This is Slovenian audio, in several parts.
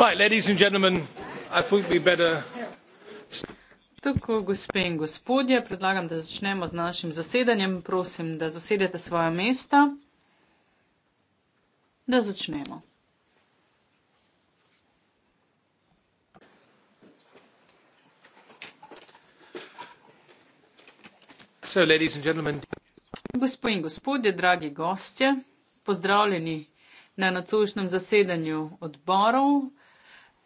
Right, ladies and gentlemen, I think we better. Tako, gospe in gospodje, predlagam, da začnemo z našim zasedanjem. Prosim, da zasedete svoje mesta. Da začnemo. So, gospe in gospodje, dragi gostje, pozdravljeni na nocojšnjem zasedanju odborov.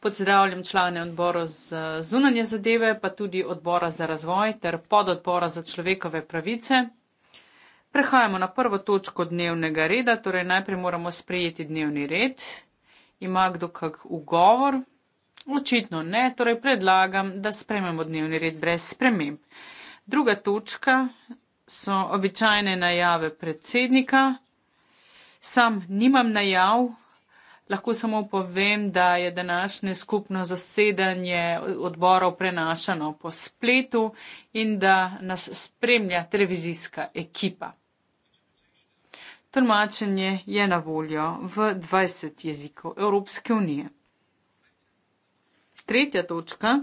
Pozdravljam člane odbora za zunanje zadeve, pa tudi odbora za razvoj ter pododbora za človekove pravice. Prehajamo na prvo točko dnevnega reda, torej najprej moramo sprejeti dnevni red. Ima kdo kak ugovor? Očitno ne, torej predlagam, da sprememo dnevni red brez sprememb. Druga točka so običajne najave predsednika. Sam nimam najav. Lahko samo povem, da je današnje skupno zasedanje odborov prenašano po spletu in da nas spremlja televizijska ekipa. Tolmačenje je na voljo v 20 jezikov Evropske unije. Tretja točka.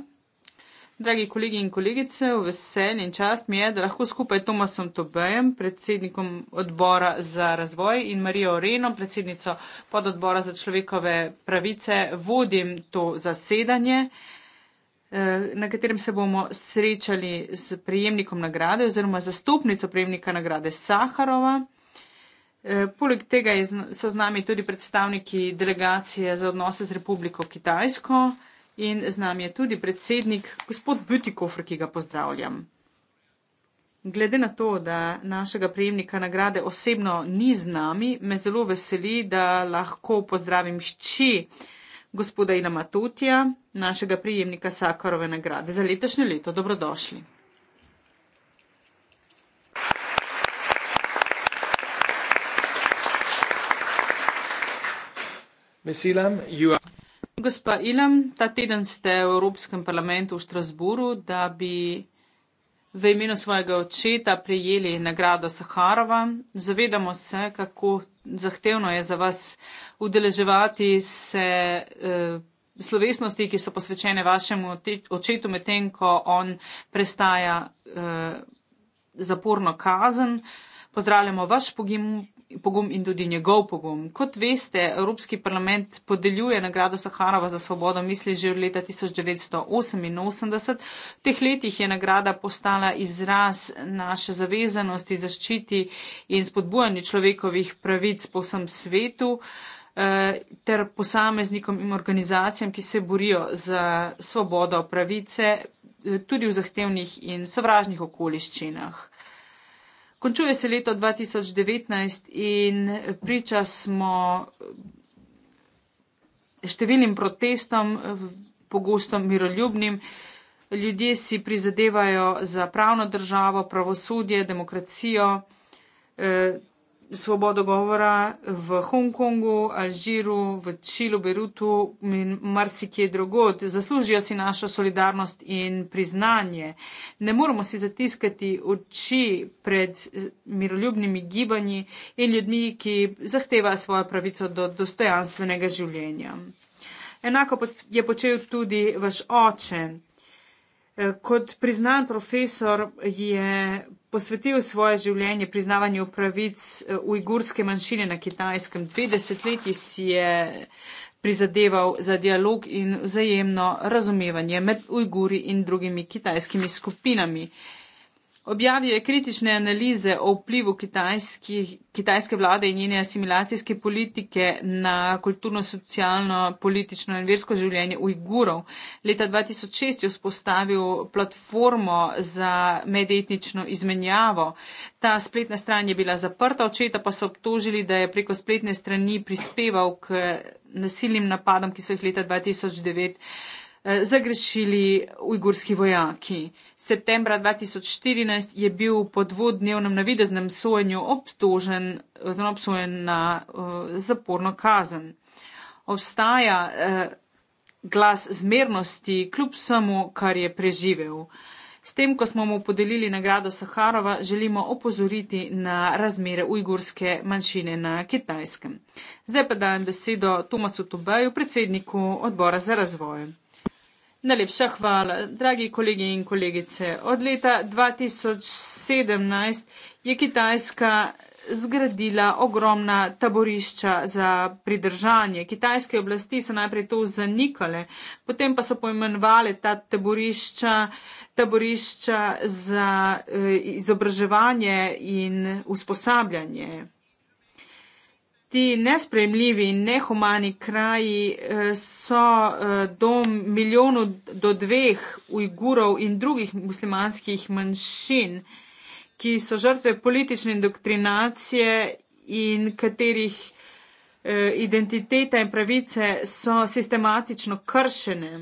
Dragi kolegi in kolegice, vesel in čast mi je, da lahko skupaj s Tomasom Tobejem, predsednikom odbora za razvoj in Marijo Reno, predsednico pododbora za človekove pravice, vodim to zasedanje, eh, na katerem se bomo srečali s prejemnikom nagrade oziroma zastopnico prejemnika nagrade Saharova. Eh, poleg tega so z nami tudi predstavniki delegacije za odnose z Republiko Kitajsko in z nami je tudi predsednik gospod Butikofr, ki ga pozdravljam. Glede na to, da našega prejemnika nagrade osebno ni z nami, me zelo veseli, da lahko pozdravim šči gospoda Ina Matutija, našega prejemnika Sakarove nagrade za letošnje leto. Dobrodošli. Mesilam, you are. Gospa Ilam, ta teden ste v Evropskem parlamentu v Strasburu, da bi v imenu svojega očeta prijeli nagrado Saharova. Zavedamo se, kako zahtevno je za vas udeleževati se eh, slovesnosti, ki so posvečene vašemu očetu, medtem ko on prestaja eh, zaporno kazen. Pozdravljamo vaš pogim, pogum in tudi njegov pogum. Kot veste, Evropski parlament podeljuje nagrado Saharova za svobodo misli že od leta 1988. V teh letih je nagrada postala izraz naše zavezanosti, zaščiti in spodbujanju človekovih pravic po vsem svetu eh, ter posameznikom in organizacijam, ki se borijo za svobodo pravice eh, tudi v zahtevnih in sovražnih okoliščinah. Končuje se leto 2019 in priča smo številnim protestom, pogosto miroljubnim. Ljudje si prizadevajo za pravno državo, pravosodje, demokracijo. Eh, svobodo govora v Hongkongu, Alžiru, v Čilu, Berutu in marsikje drugod. Zaslužijo si našo solidarnost in priznanje. Ne moramo si zatiskati oči pred miroljubnimi gibanji in ljudmi, ki zahtevajo svojo pravico do dostojanstvenega življenja. Enako je počel tudi vaš oče. Eh, kot priznan profesor je posvetil svoje življenje priznavanju pravic eh, ujgurske manjšine na Kitajskem. Dve desetletji si je prizadeval za dialog in vzajemno razumevanje med ujguri in drugimi kitajskimi skupinami. Uh, Objavil je kritične analize o vplivu kitajske vlade in njene asimilacijske politike na kulturno, socialno, politično in versko življenje Ujgurov. Leta 2006 je vzpostavil platformo za medetnično izmenjavo. Ta spletna stran je bila zaprta, očeta pa so obtožili, da je preko spletne strani prispeval k nasilnim napadom, ki so jih leta 2009 Eh, zagrešili ujgurski vojaki. Septembra 2014 je bil po dvodnevnem navideznem sojenju obtožen oziroma obsojen na uh, zaporno kazen. Obstaja uh, glas zmernosti kljub samo, kar je preživel. S tem, ko smo mu podelili nagrado Saharova, želimo opozoriti na razmere ujgurske manjšine na kitajskem. Zdaj pa dajem besedo Tomasu Tubeju, predsedniku odbora za razvoj. Najlepša hvala. Dragi kolegi in kolegice, od leta 2017 je Kitajska zgradila ogromna taborišča za pridržanje. Kitajske oblasti so najprej to zanikale, potem pa so poimenovali ta taborišča, taborišča za eh, izobraževanje in usposabljanje ti nespremljivi in nehumani kraji eh, so eh, dom milijonu do dveh Ujgurov in drugih muslimanskih manjšin, ki so žrtve politične indoktrinacije in katerih eh, identiteta in pravice so sistematično kršene,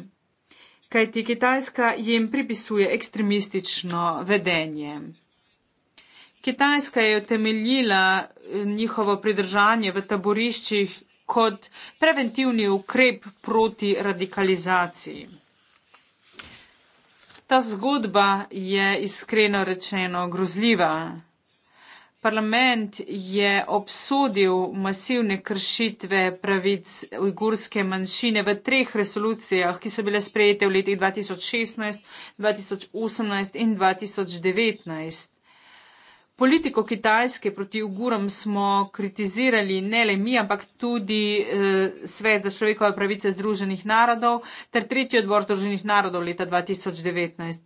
kajti Kitajska jim pripisuje ekstremistično vedenje. Kitajska je utemeljila eh, njihovo pridržanje v taboriščih kot preventivni ukrep proti radikalizaciji. Ta zgodba je iskreno rečeno grozljiva. Parlament je obsodil masivne kršitve pravic ujgurske manjšine v treh resolucijah, ki so bile sprejete v letih 2016, 2018 in 2019. Politiko Kitajske proti Ugurom smo kritizirali ne le mi, ampak tudi eh, Svet za človekove pravice Združenih narodov ter tretji odbor Združenih narodov leta 2019.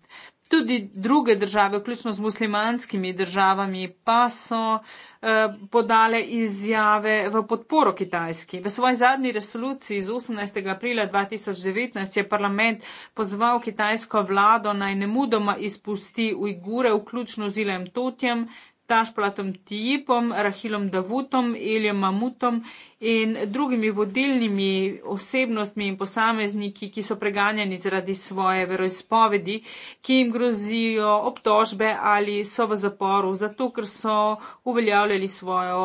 Tudi druge države, vključno z muslimanskimi državami, pa so eh, podale izjave v podporo Kitajski. V svoji zadnji resoluciji z 18. aprila 2019 je parlament pozval kitajsko vlado naj ne mudoma izpusti Ujgure, vključno z Ilem Totjem, Tašplatom Tijipom, Rahilom Davutom, Eljem Mamutom in drugimi vodilnimi osebnostmi in posamezniki, ki so preganjani zaradi svoje veroizpovedi, ki jim grozijo obtožbe ali so v zaporu zato, ker so uveljavljali svojo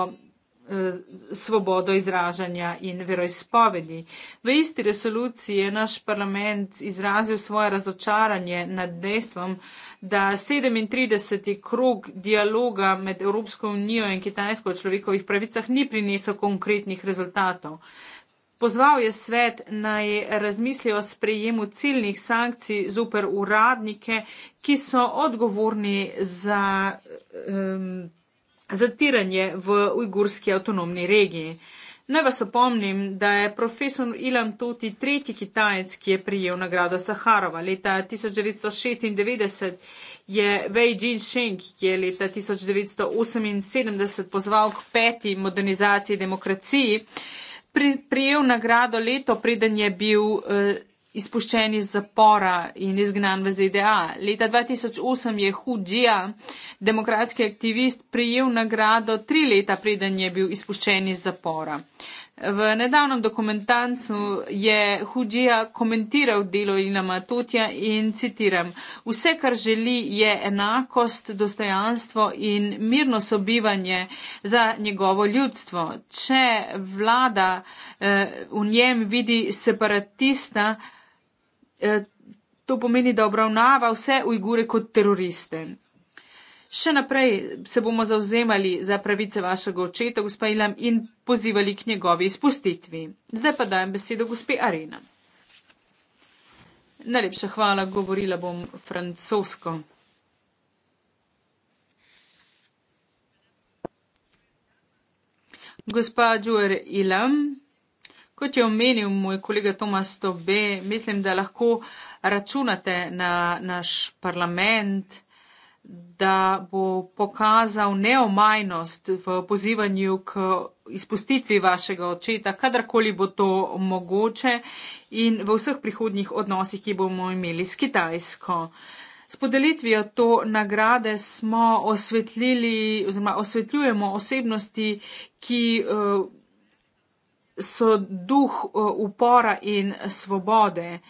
Eh, svobodo izražanja in veroizpovedi. V isti resoluciji je naš parlament izrazil svoje razočaranje nad dejstvom, da 37. krog dialoga med Evropsko unijo in Kitajsko o človekovih pravicah ni prinesel konkretnih rezultatov. Pozval je svet naj razmisli o sprejemu ciljnih sankcij zoper uradnike, ki so odgovorni za. Um, zatiranje v ujgurski avtonomni regiji. Naj vas opomnim, da je profesor Ilan Tuti tretji Kitajec, ki je prijel nagrado Saharova. Leta 1996 je Wei Jinsheng, ki je leta 1978 pozval k peti modernizaciji demokraciji, prijel nagrado leto, preden je bil eh, izpuščen iz zapora in izgnan v ZDA. Leta 2008 je Hu Jia, demokratski aktivist, prijel nagrado tri leta, preden je bil izpuščen iz zapora. V nedavnem dokumentancu je Hudžija komentiral delo Ilina Matutja in citiram: Vse, kar želi, je enakost, dostojanstvo in mirno sobivanje za njegovo ljudstvo. Če vlada eh, v njem vidi separatista, eh, Eh, to pomeni, da obravnava vse ujgure kot teroriste. Še naprej se bomo zauzemali za pravice vašega očeta, gospa Ilam, in pozivali k njegovi izpustitvi. Zdaj pa dajem besedo gospe Arena. Najlepša hvala, govorila bom francosko. Gospa Džuer Ilam. Kot je omenil moj kolega Tomas Tobe, mislim, da lahko računate na naš parlament, da bo pokazal neomajnost v pozivanju k izpustitvi vašega očeta, kadarkoli bo to mogoče in v vseh prihodnjih odnosih, ki bomo imeli s Kitajsko. S podelitvijo to nagrade smo osvetljili oziroma osvetljujemo osebnosti, ki. Uh, so duh e, upora in svobode. E,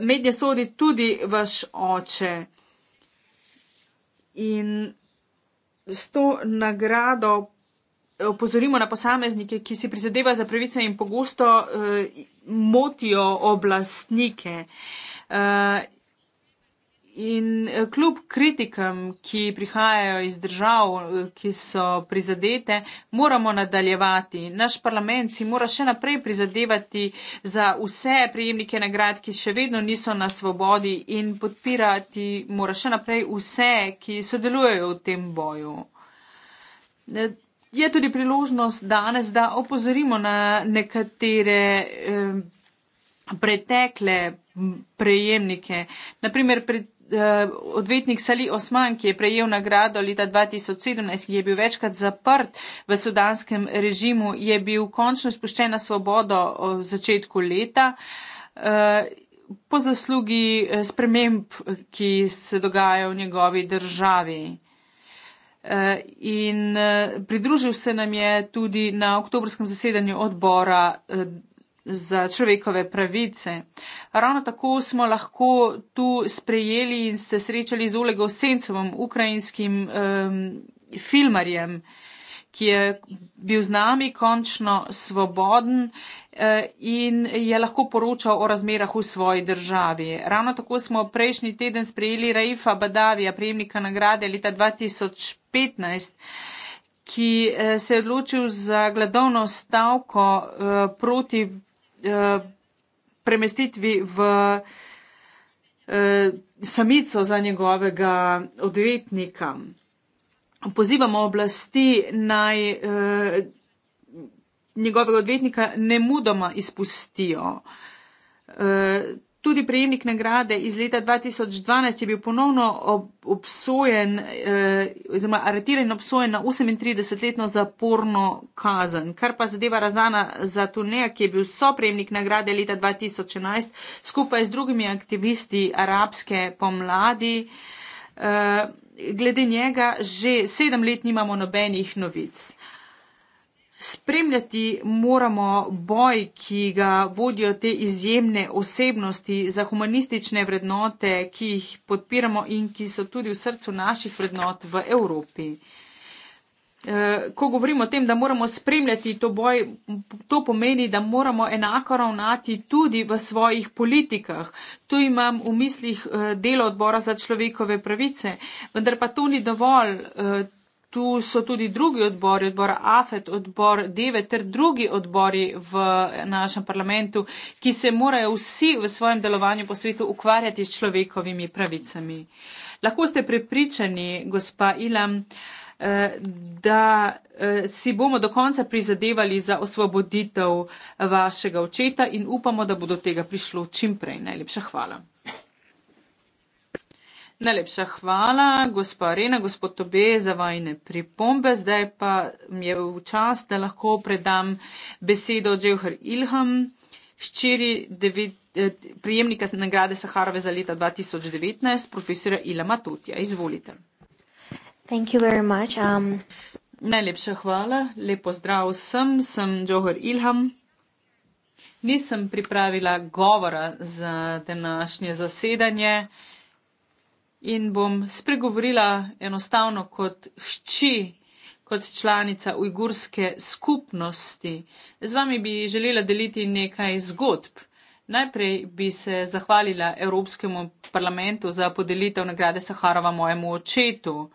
mednje sodi tudi vaš oče. In s to nagrado e, opozorimo na posameznike, ki si prizadeva za pravice in pogosto motijo oblastnike. In eh, kljub kritikam, ki prihajajo iz držav, eh, ki so prizadete, moramo nadaljevati. Naš parlament si mora še naprej prizadevati za vse prejemnike nagrad, ki še vedno niso na svobodi in podpirati mora še naprej vse, ki sodelujejo v tem boju. Je tudi priložnost danes, da opozorimo na nekatere eh, pretekle prejemnike. Naprimer, pre Eh, odvetnik Sali Osman, ki je prejel nagrado leta 2017, ki je bil večkrat zaprt v sudanskem režimu, je bil končno spuščen na svobodo v začetku leta. Eh, po zaslugi eh, sprememb, ki se dogajajo v njegovi državi. In pridružil se nam je tudi na oktobrskem zasedanju odbora za človekove pravice. Ravno tako smo lahko tu sprejeli in se srečali z Olegom Sencovom, ukrajinskim um, filmarjem, ki je bil z nami končno svoboden e, in je lahko poročal o razmerah v svoji državi. Ravno tako smo prejšnji teden sprejeli Raifa Badavija, prejemnika nagrade leta 2015, ki e, se je odločil za gladovno stavko e, proti Eh, premestitvi v eh, samico za njegovega odvetnika. Pozivamo oblasti naj eh, njegovega odvetnika ne mudoma izpustijo. Tudi prejemnik nagrade iz leta 2012 je bil ponovno obsojen, eh, oziroma eh, aretiran in obsojen na 38-letno zaporno kazen. Kar pa zadeva Razana za Tuneja, ki je bil soprejemnik nagrade leta 2011 skupaj z drugimi aktivisti arabske pomladi. Eh, glede njega že sedem let nimamo nobenih novic. Eh, Spremljati moramo boj, ki ga vodijo te izjemne osebnosti za humanistične vrednote, ki jih podpiramo in ki so tudi v srcu naših vrednot v Evropi. Eh, ko govorimo o tem, da moramo spremljati to boj, to pomeni, da moramo enako ravnati tudi v svojih politikah. Tu imam v mislih eh, delo odbora za človekove pravice, vendar pa to ni dovolj. Eh, Tu so tudi drugi odbori, odbor AFET, odbor DEVE ter drugi odbori v našem parlamentu, ki se morajo vsi v svojem delovanju po svetu ukvarjati s človekovimi pravicami. Lahko ste prepričani, gospa Ilam, eh, da eh, si bomo do konca prizadevali za osvoboditev vašega očeta in upamo, da bo do tega prišlo čim prej. Najlepša hvala. Najlepša hvala, gospa Rena, gospod Tobe, za vajne pripombe. Zdaj pa je v čas, da lahko predam besedo Džehr Ilham, ščiri eh, prijemnika nagrade Saharove za leta 2019, profesora Ilama Tutja. Izvolite. Um... Najlepša hvala, lepo zdrav vsem, sem Džehr Ilham. Nisem pripravila govora za današnje zasedanje in bom spregovorila enostavno kot hči, kot članica ujgurske skupnosti. Z vami bi želela deliti nekaj zgodb. Najprej bi se zahvalila Evropskemu parlamentu za podelitev nagrade Saharova mojemu očetu.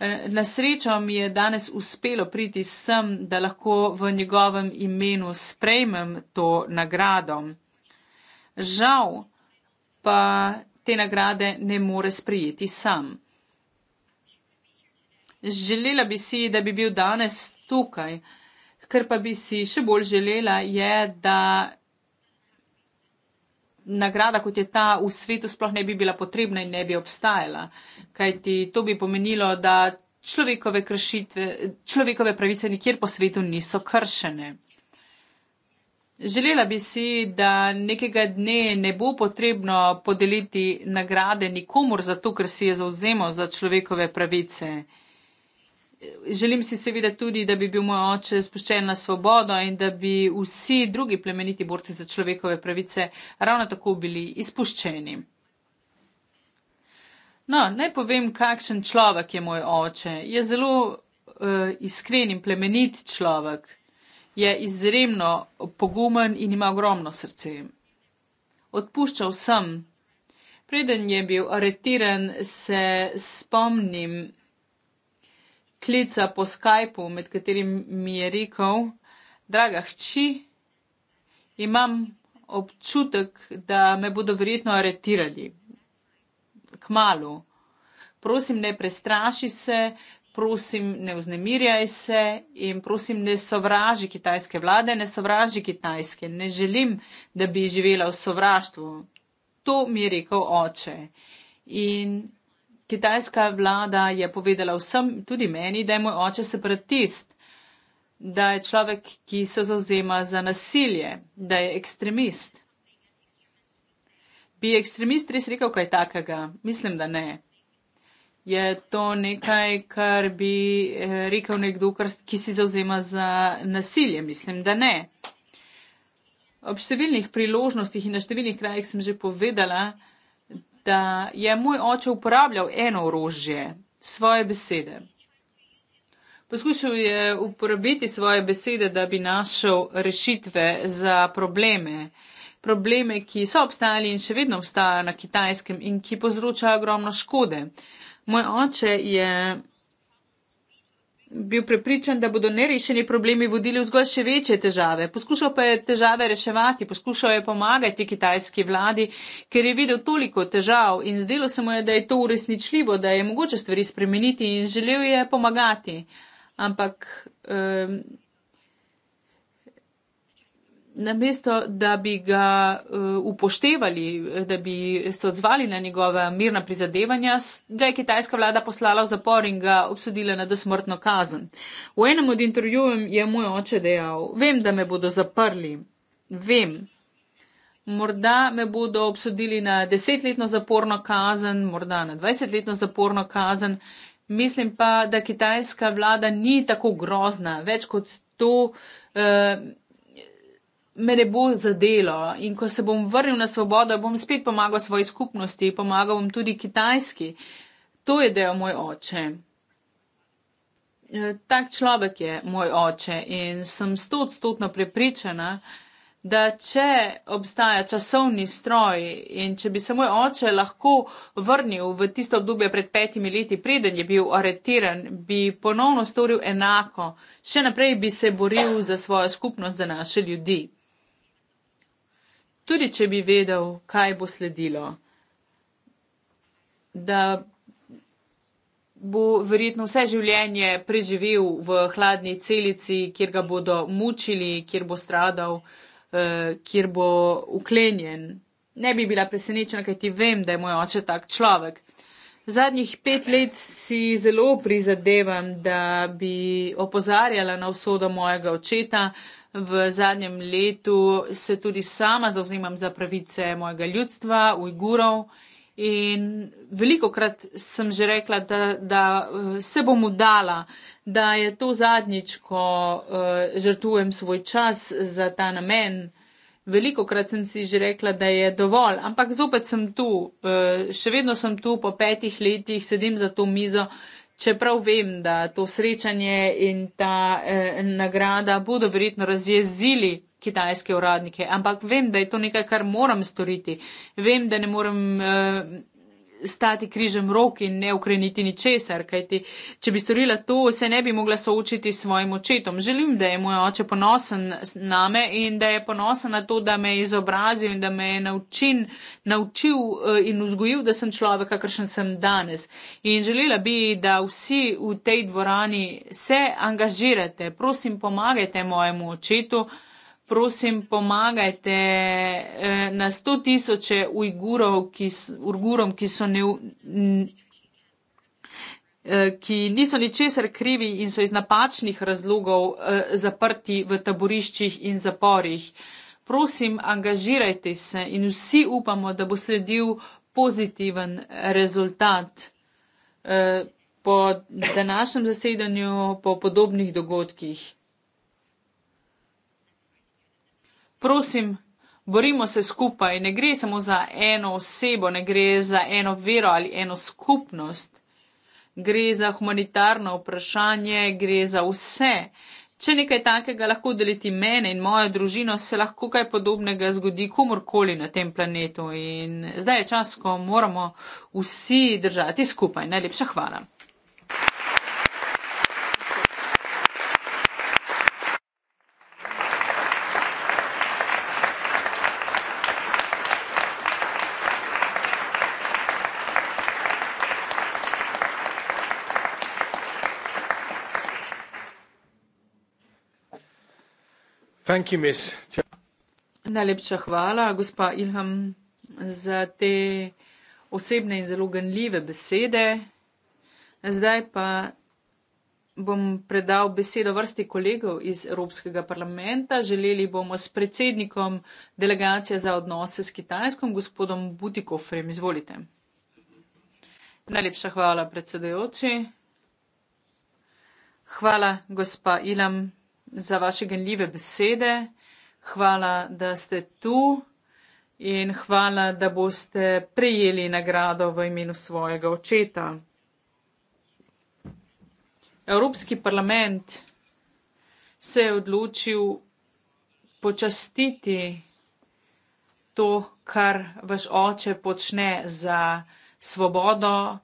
Eh, na srečo mi je danes uspelo priti sem, da lahko v njegovem imenu sprejmem to nagrado. Žal pa te nagrade ne more sprejeti sam. Želela bi si, da bi bil danes tukaj, kar pa bi si še bolj želela, je, da nagrada, kot je ta v svetu, sploh ne bi bila potrebna in ne bi obstajala, kajti to bi pomenilo, da človekove, kršitve, človekove pravice nikjer po svetu niso kršene. Želela bi si, da nekega dne ne bo potrebno podeliti nagrade nikomor za to, ker si je zauzemal za človekove pravice. Želim si seveda tudi, da bi bil moj oče spuščen na svobodo in da bi vsi drugi plemeniti borci za človekove pravice ravno tako bili izpuščeni. No, naj povem, kakšen človek je moj oče. Je zelo uh, iskren in plemenit človek je izjemno pogumen in ima ogromno srce. Odpuščal sem. Preden je bil aretiran, se spomnim klica po Skypu, med katerim mi je rekel: Draga hči, imam občutek, da me bodo verjetno aretirali. Kmalu. Prosim, ne prestraši se, prosim, ne vznemirjaj se in prosim, ne sovraži kitajske vlade, ne sovraži kitajske. Ne želim, da bi živela v sovraštvu. To mi je rekel oče. In kitajska vlada je povedala vsem, tudi meni, da je moj oče separatist, da je človek, ki se zauzema za nasilje, da je ekstremist. Bi ekstremist res rekel kaj takega? Mislim, da ne je to nekaj, kar bi eh, rekel nekdo, kar, ki si zauzema za nasilje. Mislim, da ne. Ob številnih priložnostih in na številnih krajih sem že povedala, da je moj oče uporabljal eno orožje, svoje besede. Poskušal je uporabiti svoje besede, da bi našel rešitve za probleme. Probleme, ki so obstajali in še vedno obstajajo na kitajskem in ki povzročajo ogromno škode. Uh, Moj oče je bil prepričan, da bodo nerešeni problemi vodili v zgolj še večje težave. Poskušal pa je težave reševati, poskušal je pomagati kitajski vladi, ker je videl toliko težav in zdelo se mu je, da je to uresničljivo, da je mogoče stvari spremeniti in želel je pomagati. Ampak. Um, namesto da bi ga uh, upoštevali, da bi se odzvali na njegove mirna prizadevanja, ga je kitajska vlada poslala v zapor in ga obsodila na dosmrtno kazen. V enem od intervjujev je moj oče dejal: Vem, da me bodo zaprli, vem. Morda me bodo obsodili na desetletno zaporno kazen, morda na dvajsetletno zaporno kazen. Mislim pa, da kitajska vlada ni tako grozna, več kot to. Uh, me ne bo zadelo in ko se bom vrnil na svobodo, bom spet pomagal svoji skupnosti, pomagal bom tudi kitajski. To je del moj oče. Eh, tak človek je moj oče in sem stotstotno prepričana, da če obstaja časovni stroj in če bi se moj oče lahko vrnil v tisto obdobje pred petimi leti, preden je bil aretiran, bi ponovno storil enako, še naprej bi se boril za svojo skupnost, za naše ljudi tudi če bi vedel, kaj bo sledilo, da bo verjetno vse življenje preživel v hladni celici, kjer ga bodo mučili, kjer bo stradal, eh, kjer bo uklenjen. Ne bi bila presenečena, kaj ti vem, da je moj oče tak človek. Zadnjih pet let si zelo prizadevam, da bi opozarjala na vsodo mojega očeta, uh, V zadnjem letu se tudi sama zauzemam za pravice mojega ljudstva, Ujgurov. In veliko krat sem že rekla, da, da eh, se bom udala, da je to zadnjič, ko uh, eh, žrtujem svoj čas za ta namen. Veliko krat sem si že rekla, da je dovolj, ampak zopet sem tu, uh, še vedno sem tu po petih letih, sedim za to mizo, uh, Čeprav vem, da to srečanje in ta eh, nagrada bodo verjetno razjezili kitajske uradnike, ampak vem, da je to nekaj, kar moram storiti. Vem, da ne morem. Eh, stati križem rok in ne ukreniti ničesar, kajti če bi storila to, se ne bi mogla soočiti s svojim očetom. Želim, da je moj oče ponosen name in da je ponosen na to, da me je izobrazil in da me je naučin, naučil eh, in vzgojil, da sem človek, kakršen sem danes. In želela bi, da vsi v tej dvorani se angažirate, prosim, pomagajte mojemu očetu prosim, pomagajte eh, na sto tisoče Ujgurov, ki so ne. Eh, ki niso ničesar krivi in so iz napačnih razlogov eh, zaprti v taboriščih in zaporih. Prosim, angažirajte se in vsi upamo, da bo sledil pozitiven rezultat eh, po današnjem zasedanju, po podobnih dogodkih. prosim, borimo se skupaj. Ne gre samo za eno osebo, ne gre za eno vero ali eno skupnost. Gre za humanitarno vprašanje, gre za vse. Če nekaj takega lahko deliti mene in mojo družino, se lahko kaj podobnega zgodi komorkoli na tem planetu. In zdaj je čas, ko moramo vsi držati skupaj. Najlepša hvala. Thank you, Najlepša hvala, gospa Ilham, za te osebne in zelo ganljive besede. Zdaj pa bom predal besedo vrsti kolegov iz Evropskega parlamenta. Želeli bomo s predsednikom delegacije za odnose s Kitajskom, gospodom Butikofrem. Izvolite. Najlepša hvala, predsedujoči. Hvala, gospa Ilham za vaše genljive besede, hvala, da ste tu in hvala, da boste prejeli nagrado v imenu svojega očeta. Evropski parlament se je odločil počastiti to, kar vaš oče počne za svobodo,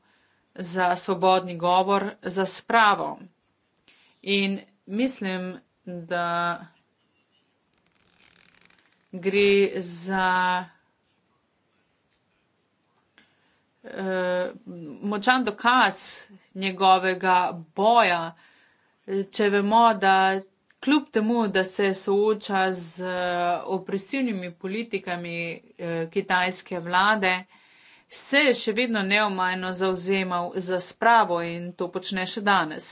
za svobodni govor, za spravo. In mislim, da gre za uh, močan dokaz njegovega boja, če vemo, da kljub temu, da se sooča z eh, opresivnimi politikami uh, kitajske vlade, se je še vedno neomajno zauzemal za spravo in to počne še danes.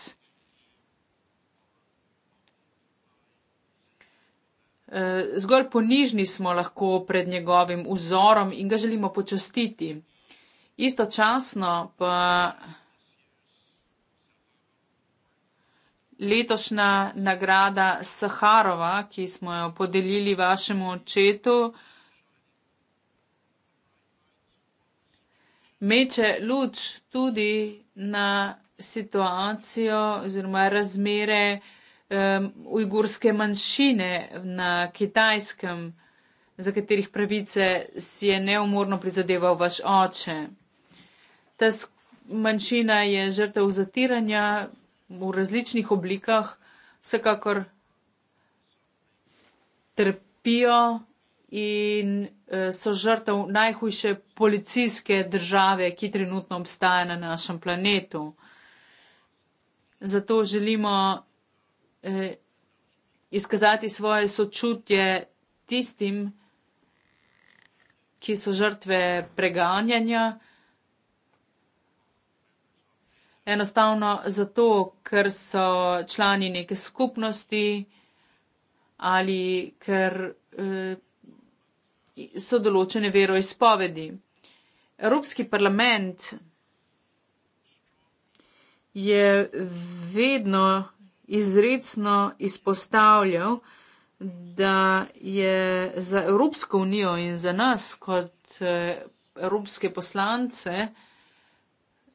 Eh, zgolj ponižni smo lahko pred njegovim vzorom in ga želimo počastiti. Istočasno pa letošnja nagrada Saharova, ki smo jo podelili vašemu očetu, meče luč tudi na situacijo oziroma razmere, um, ujgurske manjšine na kitajskem, za katerih pravice si je neumorno prizadeval vaš oče. Ta manjšina je žrtev zatiranja v različnih oblikah, vsekakor trpijo in eh, so žrtev najhujše policijske države, ki trenutno obstaja na našem planetu. Zato želimo eh, izkazati svoje sočutje tistim, ki so žrtve preganjanja. Enostavno zato, ker so člani neke skupnosti ali ker eh, so določene veroizpovedi. Evropski parlament je vedno izredno izpostavljal, da je za Evropsko unijo in za nas kot eh, evropske poslance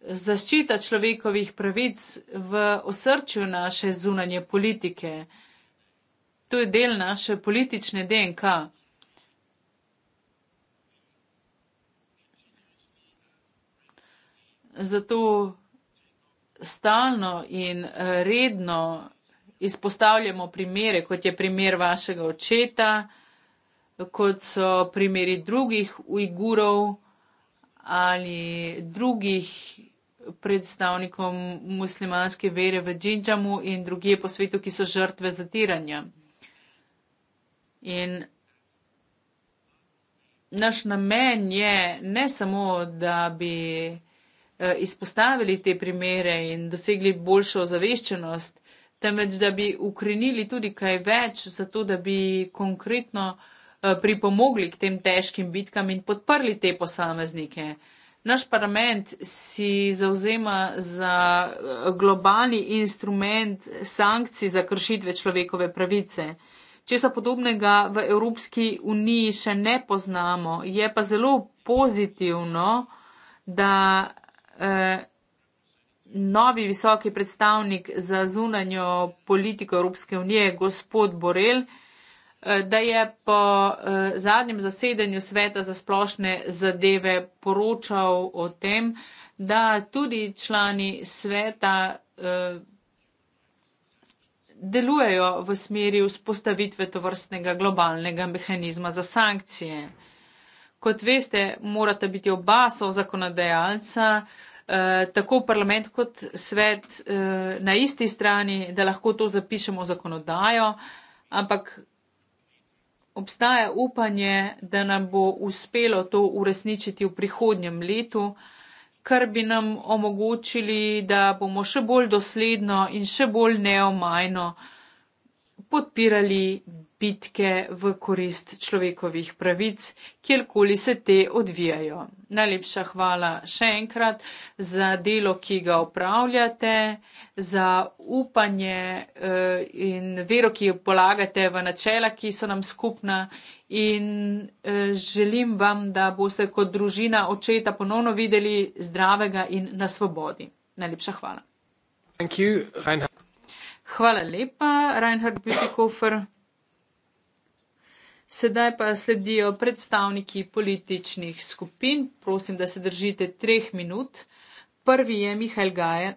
zaščita človekovih pravic v osrčju naše zunanje politike. To je del naše politične DNK. Zato stalno in eh, redno izpostavljamo primere, kot je primer vašega očeta, kot so primeri drugih Ujgurov ali drugih predstavnikov muslimanske vere v Džinčamu in druge po svetu, ki so žrtve zatiranja. In naš namen je ne samo, da bi Eh, izpostavili te primere in dosegli boljšo zaveščenost, temveč da bi ukrenili tudi kaj več, zato da bi konkretno eh, pripomogli k tem težkim bitkam in podprli te posameznike. Naš parlament si zauzema za eh, globalni instrument sankcij za kršitve človekove pravice. Česa podobnega v Evropski uniji še ne poznamo, je pa zelo pozitivno, da Eh, novi visoki predstavnik za zunanjo politiko Evropske unije, gospod Borel, eh, da je po eh, zadnjem zasedanju sveta za splošne zadeve poročal o tem, da tudi člani sveta delujejo v smeri vzpostavitve tovrstnega globalnega mehanizma za sankcije. Kot veste, morata biti oba so zakonodajalca, eh, tako parlament kot svet eh, na isti strani, da lahko to zapišemo v zakonodajo, ampak obstaja upanje, da nam bo uspelo to uresničiti v prihodnjem letu, kar bi nam omogočili, da bomo še bolj dosledno in še bolj neomajno podpirali bitke v korist človekovih pravic, kjerkoli se te odvijajo. Najlepša hvala še enkrat za delo, ki ga upravljate, za upanje eh, in vero, ki jo polagate v načela, ki so nam skupna in eh, želim vam, da boste kot družina očeta ponovno videli zdravega in na svobodi. Najlepša hvala. Hvala lepa, Reinhard Bütikofer. Sedaj pa sledijo predstavniki političnih skupin. Prosim, da se držite treh minut. Prvi je Mihajl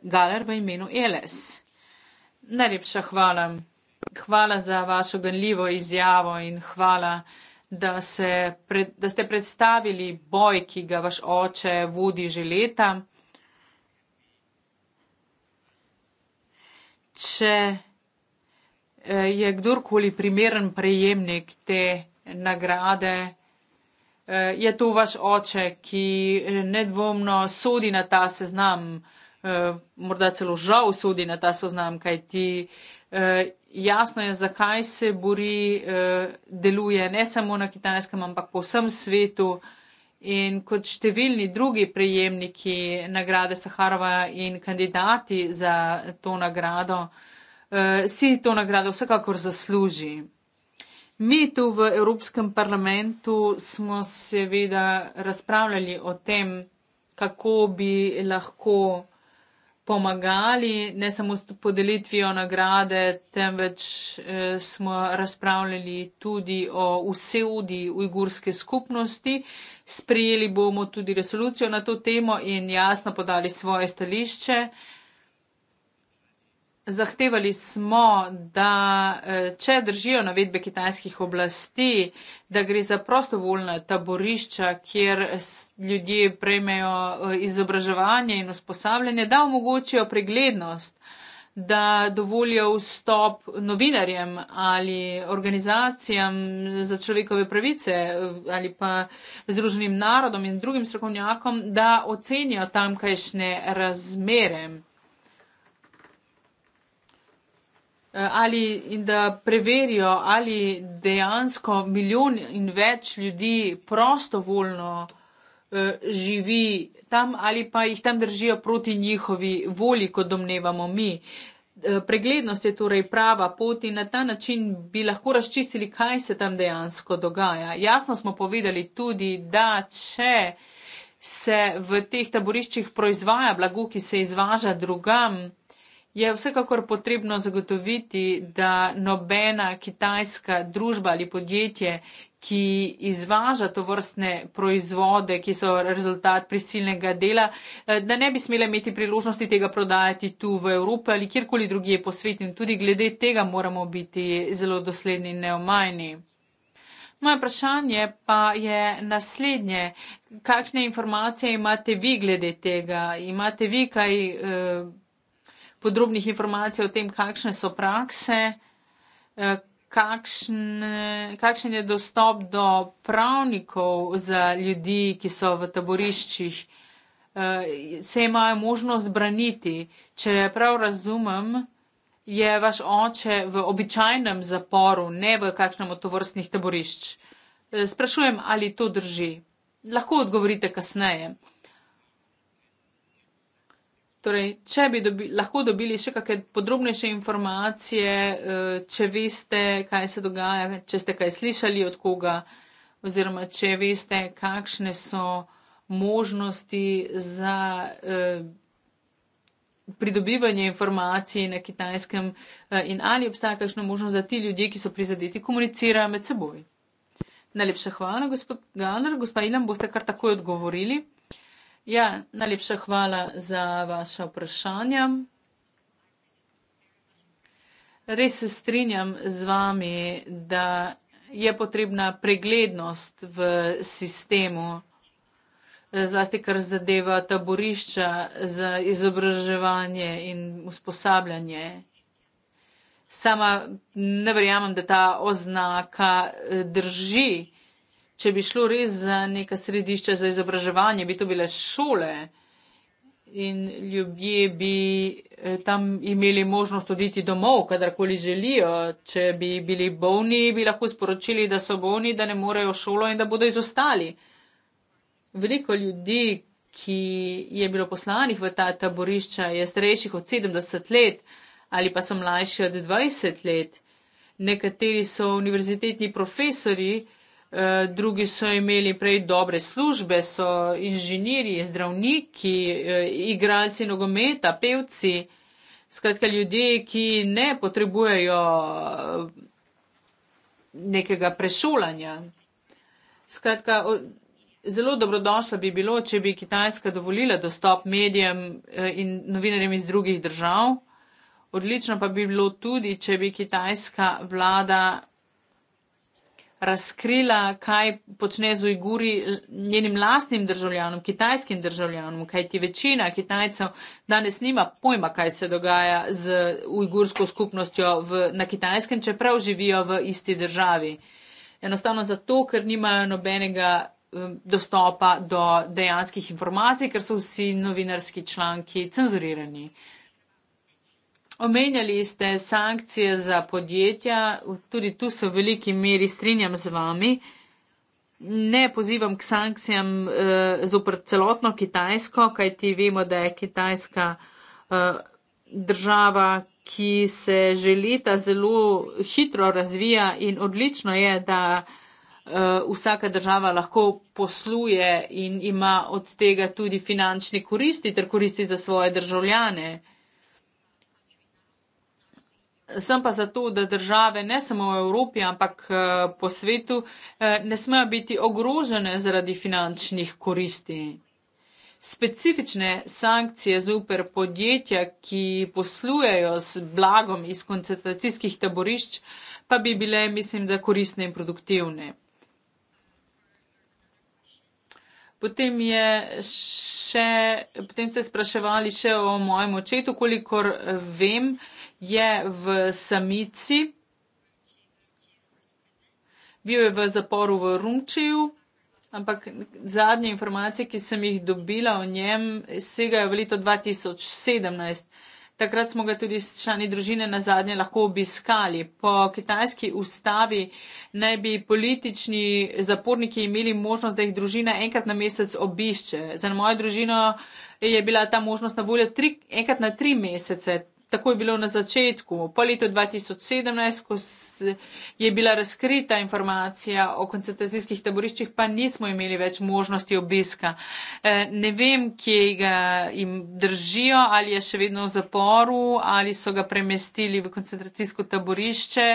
Galer v imenu Eles. Najlepša hvala. Hvala za vašo ganljivo izjavo in hvala, da, se, da ste predstavili boj, ki ga vaš oče vodi že leta. Če Eh, je kdorkoli primeren prejemnik te nagrade? Eh, je to vaš oče, ki eh, nedvomno sodi na ta seznam, morda celo žal sodi na ta seznam, kaj ti jasno je, zakaj se bori, deluje ne samo na kitajskem, ampak po vsem svetu. In kot številni drugi prejemniki nagrade Saharova in kandidati za to nagrado, uh, si to nagrado vsekakor zasluži. Mi tu v Evropskem parlamentu smo seveda razpravljali o tem, kako bi lahko pomagali, ne samo s podelitvijo nagrade, temveč eh, smo razpravljali tudi o vsevdi ujgurske skupnosti. Sprijeli bomo tudi resolucijo na to temo in jasno podali svoje stališče. Eh, zahtevali smo, da eh, če držijo navedbe kitajskih oblasti, da gre za prostovoljna taborišča, kjer ljudje prejmejo eh, izobraževanje in usposabljanje, da omogočijo preglednost, da dovolijo vstop novinarjem ali organizacijam za človekove pravice eh, ali pa Združenim narodom in drugim strokovnjakom, da ocenijo tamkajšnje razmere. Eh, ali in da preverijo, ali dejansko milijon in več ljudi prostovoljno eh, živi tam ali pa jih tam držijo proti njihovi volji, kot domnevamo mi. Eh, preglednost je torej prava pot in na ta način bi lahko razčistili, kaj se tam dejansko dogaja. Jasno smo povedali tudi, da če se v teh taboriščih proizvaja blago, ki se izvaža drugam, je vsekakor potrebno zagotoviti, da nobena kitajska družba ali podjetje, ki izvaža to vrstne proizvode, ki so rezultat prisilnega dela, eh, da ne bi smele imeti priložnosti tega prodajati tu v Evropi ali kjerkoli drugi je posvetljen. Tudi glede tega moramo biti zelo dosledni in neomajni. Moje vprašanje pa je naslednje. Kakšne informacije imate vi glede tega? Imate vi kaj? Eh, podrobnih informacij o tem, kakšne so prakse, eh, kakšen, kakšen je dostop do pravnikov za ljudi, ki so v taboriščih, eh, se imajo možnost braniti. Če prav razumem, je vaš oče v običajnem zaporu, ne v kakšnem od tovrstnih taborišč. Eh, sprašujem, ali to drži. Lahko odgovorite kasneje. Torej, če bi dobi, lahko dobili še kakšne podrobnejše informacije, eh, če veste, kaj se dogaja, če ste kaj slišali od koga, oziroma če veste, kakšne so možnosti za eh, pridobivanje informacij na kitajskem eh, in ali obstaja kakšna možnost za ti ljudje, ki so prizadeti, komunicirajo med seboj. Najlepša hvala, gospod Galner. Gospa Ilan, boste kar takoj odgovorili. Ja, najlepša hvala za vaša vprašanja. Res se strinjam z vami, da je potrebna preglednost v sistemu, zlasti kar zadeva taborišča za izobraževanje in usposabljanje. Sama ne verjamem, da ta oznaka drži če bi šlo res za neka središča za izobraževanje, bi to bile šole in ljudje bi eh, tam imeli možnost oditi domov, kadarkoli želijo. Če bi bili bolni, bi lahko sporočili, da so bolni, da ne morejo šolo in da bodo izostali. Veliko ljudi, ki je bilo poslanih v ta taborišča, je starejših od 70 let ali pa so mlajši od 20 let. Nekateri so univerzitetni profesori, Eh, drugi so imeli prej dobre službe, so inženirji, zdravniki, eh, igralci nogometa, pevci, skratka ljudje, ki ne potrebujejo eh, nekega prešolanja. Skratka, zelo dobrodošlo bi bilo, če bi Kitajska dovolila dostop medijem in novinarjem iz drugih držav. Odlično pa bi bilo tudi, če bi kitajska vlada razkrila, kaj počne z Ujguri njenim lastnim državljanom, kitajskim državljanom, kaj ti večina Kitajcev danes nima pojma, kaj se dogaja z ujgursko skupnostjo v, na kitajskem, čeprav živijo v isti državi. Enostavno zato, ker nimajo nobenega um, dostopa do dejanskih informacij, ker so vsi novinarski članki cenzurirani. Omenjali ste sankcije za podjetja, tudi tu se v veliki meri strinjam z vami. Ne pozivam k sankcijam eh, zopr celotno Kitajsko, kajti vemo, da je Kitajska eh, država, ki se že leta zelo hitro razvija in odlično je, da eh, vsaka država lahko posluje in ima od tega tudi finančni koristi ter koristi za svoje državljane. Eh, Sem pa zato, da države ne samo v Evropi, ampak eh, po svetu eh, ne smejo biti ogrožene zaradi finančnih koristi. Specifične sankcije zoper podjetja, ki poslujejo z blagom iz koncentracijskih taborišč, pa bi bile, mislim, da koristne in produktivne. Potem, še, potem ste spraševali še o mojem očetu, kolikor vem je v samici. Bil je v zaporu v Rumčiju, ampak zadnje informacije, ki sem jih dobila o njem, segajo v leto 2017. Takrat smo ga tudi s člani družine na zadnje lahko obiskali. Po kitajski ustavi naj bi politični zaporniki imeli možnost, da jih družina enkrat na mesec obišče. Za mojo družino je bila ta možnost na voljo tri, enkrat na tri mesece tako je bilo na začetku, po letu 2017, ko je bila razkrita informacija o koncentracijskih taboriščih, pa nismo imeli več možnosti obiska. E, ne vem, kje ga jim držijo, ali je še vedno v zaporu, ali so ga premestili v koncentracijsko taborišče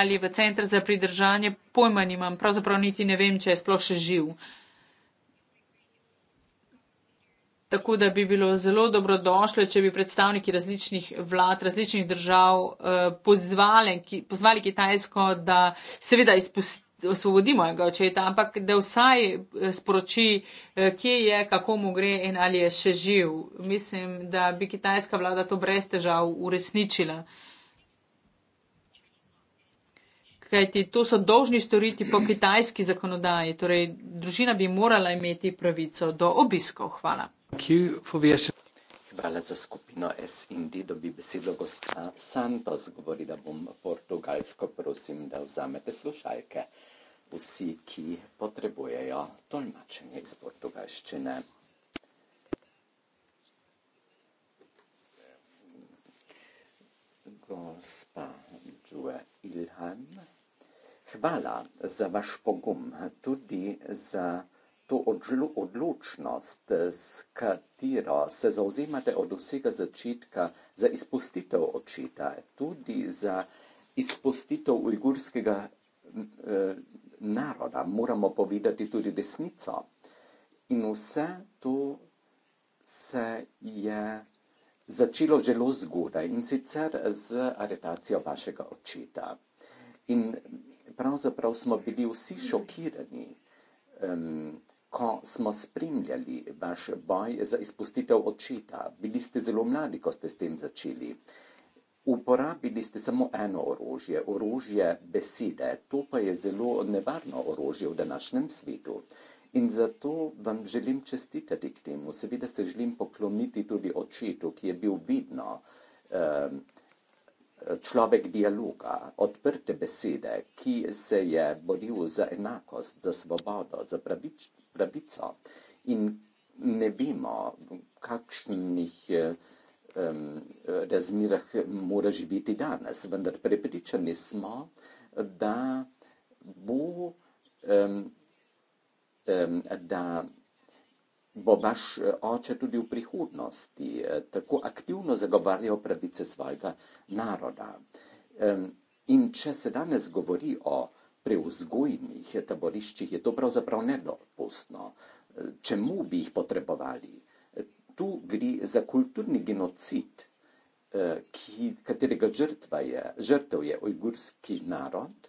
ali v center za pridržanje, pojma nimam, pravzaprav niti ne vem, če je sploh še živ. Tako da bi bilo zelo dobrodošlo, če bi predstavniki različnih vlad, različnih držav eh, pozvali, pozvali Kitajsko, da seveda izpusti. Osvobodimo ga očeta, ampak da vsaj eh, sporoči, eh, kje je, kako mu gre in ali je še živ. Mislim, da bi kitajska vlada to brez težav uresničila. Kajti to so dolžni storiti po kitajski zakonodaji, torej družina bi morala imeti pravico do obiskov. Hvala. Hvala za skupino S&D, dobi besedo gospa Santos, govori, da bom portugalsko, prosim, da vzamete slušalke. Vsi, ki potrebujejo tolmačenje iz portugalščine. Gospa Džue Ilhan, hvala za vaš pogum, tudi za vsega, to odločnost, s katero se zauzemate od vsega začetka za izpustitev očeta, tudi za izpustitev ujgurskega eh, naroda, moramo povedati tudi desnico. In vse to se je začelo zelo zgodaj in sicer z aretacijo vašega očeta. In pravzaprav smo bili vsi šokirani. Um, Ko smo spremljali vaš boj za izpustitev očeta, bili ste zelo mladi, ko ste s tem začeli. Uporabili ste samo eno orožje, orožje besede. To pa je zelo nevarno orožje v današnjem svetu. In zato vam želim čestitati k temu. Seveda se želim pokloniti tudi očetu, ki je bil vidno eh, človek dialoga, odprte besede, ki se je boril za enakost, za svobodo, za pravič, pravico in ne vemo, kakšnih um, eh, razmirah mora živeti danes, vendar prepričani smo, da bo um, um, da bo vaš eh, oče tudi v prihodnosti eh, tako aktivno zagovarjal pravice svojega naroda. In če se danes govori o preuzgojnih taboriščih, je to pravzaprav nedopustno. Eh, čemu bi jih potrebovali? Tu gre za kulturni genocid, ki, katerega žrtva je, žrtev je ojgurski narod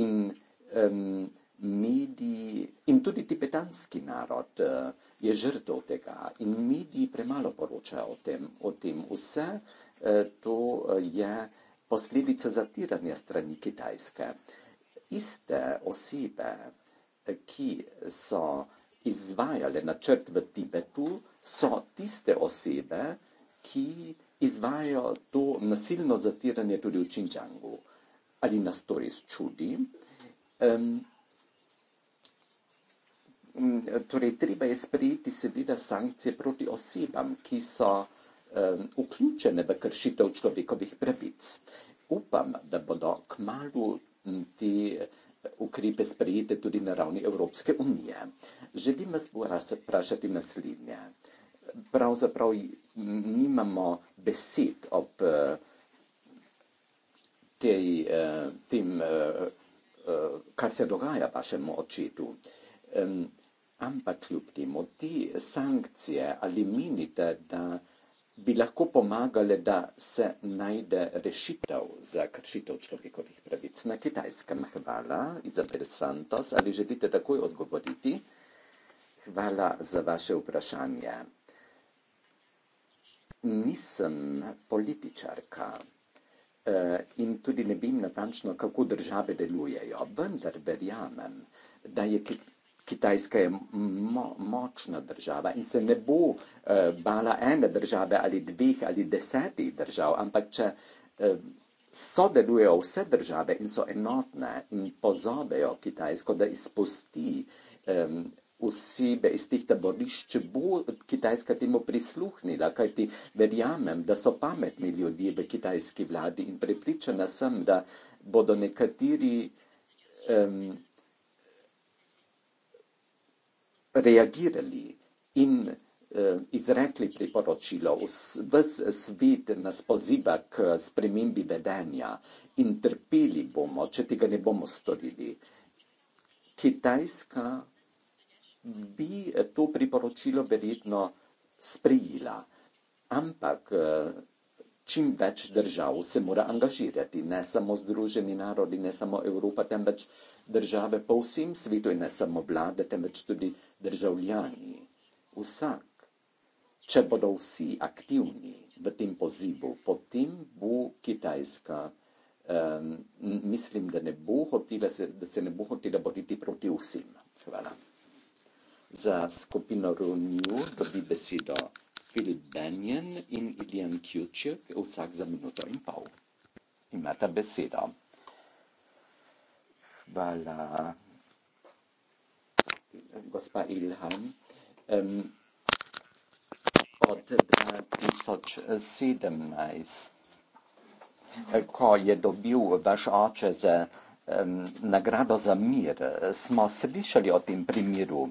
in um, Midi in tudi tibetanski narod eh, je žrtev tega in midi premalo poročajo o tem. O tem vse eh, to eh, je posledica zatiranja strani Kitajske. Iste osebe, ki so izvajale načrt v Tibetu, so tiste osebe, ki izvajajo to nasilno zatiranje tudi v Činčangu. Ali nas to res čudi? Mm, torej, treba je sprejeti seveda sankcije proti osebam, ki so um, vključene v kršitev človekovih pravic. Upam, da bodo k malu mm, te eh, ukrepe sprejete tudi na ravni Evropske unije. Želim vas vprašati naslednje. Pravzaprav nimamo besed ob eh, tej, eh, tem, kar se dogaja vašemu očetu ampak kljub temu te sankcije ali menite, da bi lahko pomagale, da se najde rešitev za kršitev človekovih pravic na kitajskem. Hvala, Izabel Santos, ali želite takoj odgovoriti? Hvala za vaše vprašanje. Nisem političarka eh, in tudi ne vem natančno, kako države delujejo, vendar verjamem, da je Kitajska je mo močna država in se ne bo eh, bala ene države ali dveh ali desetih držav, ampak če eh, sodelujejo vse države in so enotne in pozovejo Kitajsko, da izpusti eh, osebe iz teh taborišč, bo Kitajska temu prisluhnila, kajti verjamem, da so pametni ljudje v kitajski vladi in prepričana sem, da bodo nekateri. Eh, reagirali in eh, izrekli priporočilo. Ves svet nas poziva k spremembi vedenja in trpeli bomo, če tega ne bomo storili. Kitajska bi to priporočilo verjetno sprejela, ampak eh, čim več držav se mora angažirati, ne samo Združeni narodi, ne samo Evropa, temveč države po vsem svetu in ne samo vlade, temveč tudi države državljani, vsak, če bodo vsi aktivni v tem pozivu, potem bo Kitajska, um, mislim, da, ne bo hotila, da se ne bo hotela boriti proti vsem. Hvala. Za skupino Ronju dobi besedo Phil Benjen in Ilijan Kjučev, vsak za minuto in pol. Imata besedo. Hvala gospa Ilham. Um, od 2017, ko je dobil vaš oče za um, nagrado za mir, smo slišali o tem primeru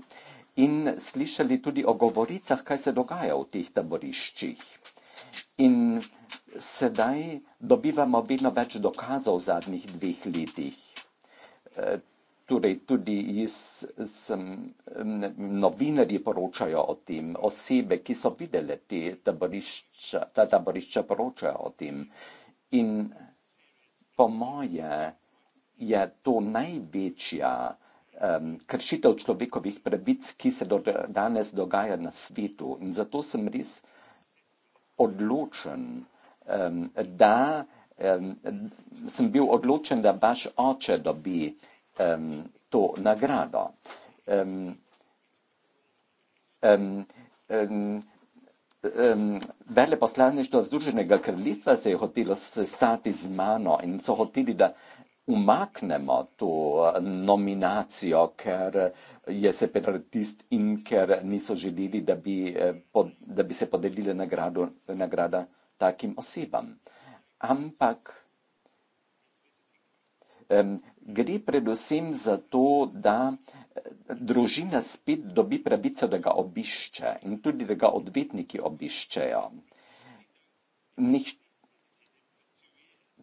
in slišali tudi o govoricah, kaj se dogaja v teh taboriščih. In sedaj dobivamo vedno več dokazov v zadnjih dveh letih torej tudi jaz sem, novinarji poročajo o tem, osebe, ki so videle te taborišča, ta taborišča poročajo o tem. In po moje je to največja um, kršitev človekovih pravic, ki se do danes dogaja na svetu. In zato sem res odločen, um, da um, sem bil odločen, da vaš oče dobi um, to nagrado. Um, um, um, um, vele poslaništvo Združenega kraljestva se je hotelo sestati z mano in so hoteli, da umaknemo to eh, nominacijo, ker je separatist in ker niso želeli, da bi, eh, da bi se podelile nagrado, nagrada takim osebam. Ampak gre predvsem za to, da eh, družina spet dobi pravico, da ga obišče in tudi, da ga odvetniki obiščejo. Nih,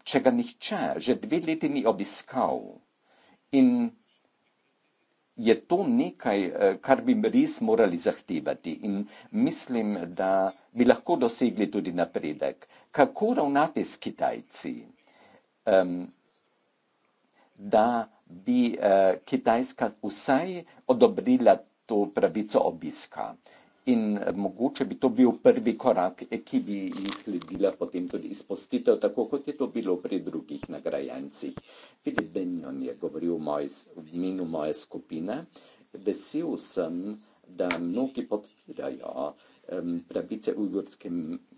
če ga nihče že dve leti ni obiskal in je to nekaj, eh, kar bi res morali zahtevati in mislim, da bi lahko dosegli tudi napredek. Kako ravnati s Kitajci? Um, da bi eh, Kitajska vsaj odobrila to pravico obiska. In eh, mogoče bi to bil prvi korak, eh, ki bi sledila potem tudi izpostitev, tako kot je to bilo pri drugih nagrajencih. Filip Benjon je govoril moj, v imenu moje skupine. Vesel sem, da mnogi podpirajo um, pravice ujgurske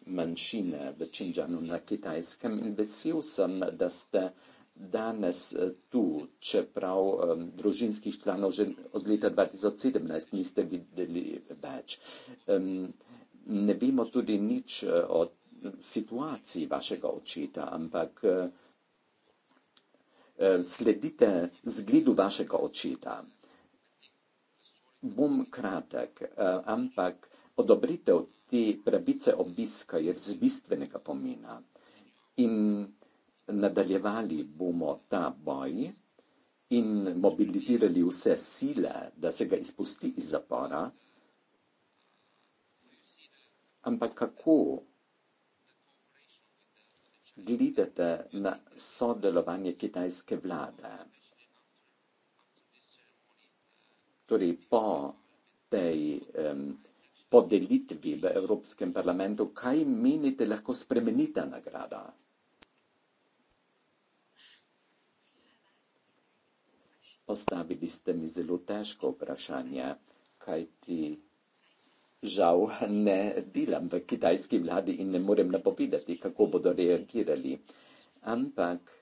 manjšine v Činžanu na kitajskem in vesel sem, da ste danes eh, tu, čeprav um, družinskih članov že od leta 2017 niste videli več. Um, ne vemo tudi nič eh, o situaciji vašega očeta, ampak uh, sledite zgledu vašega očeta. Bom kratek, uh, ampak odobritev te pravice obiska je z bistvenega pomena. In nadaljevali bomo ta boj in mobilizirali vse sile, da se ga izpusti iz zapora. Ampak kako gledate na sodelovanje kitajske vlade? Torej, po tej um, podelitvi v Evropskem parlamentu, kaj menite, lahko spremenite nagrada? postavili ste mi zelo težko vprašanje, kaj ti žal ne delam v kitajski vladi in ne morem napovedati, kako bodo reagirali. Ampak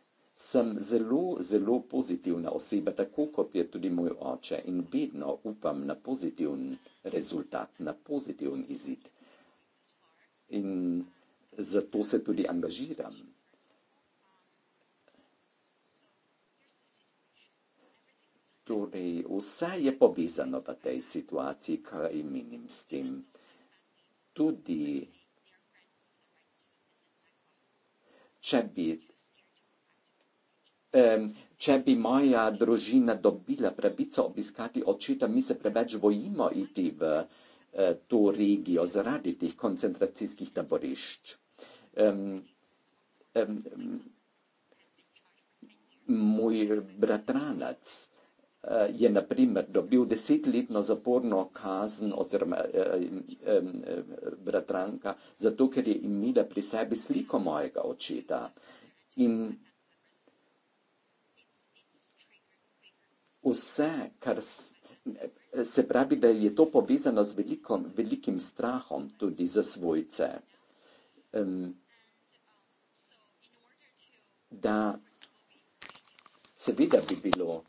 sem zelo, zelo pozitivna oseba, tako kot je tudi moj oče in vedno upam na pozitivn rezultat, na pozitivn izid. In zato se tudi angažiram. Torej, vse je povezano v tej situaciji, kaj menim s tem. Tudi, če bi, um, če bi moja družina dobila pravico obiskati očeta, mi se preveč bojimo iti v uh, to regijo zaradi teh koncentracijskih taborišč. Um, um, moj bratranac, Eh, je naprimer dobil desetletno zaporno kazen oziroma eh, eh, eh, bratranka, zato ker je imela pri sebi sliko mojega očeta. In vse, kar eh, se pravi, da je to povezano z veliko, velikim strahom tudi za svojce. Um, da seveda bi bilo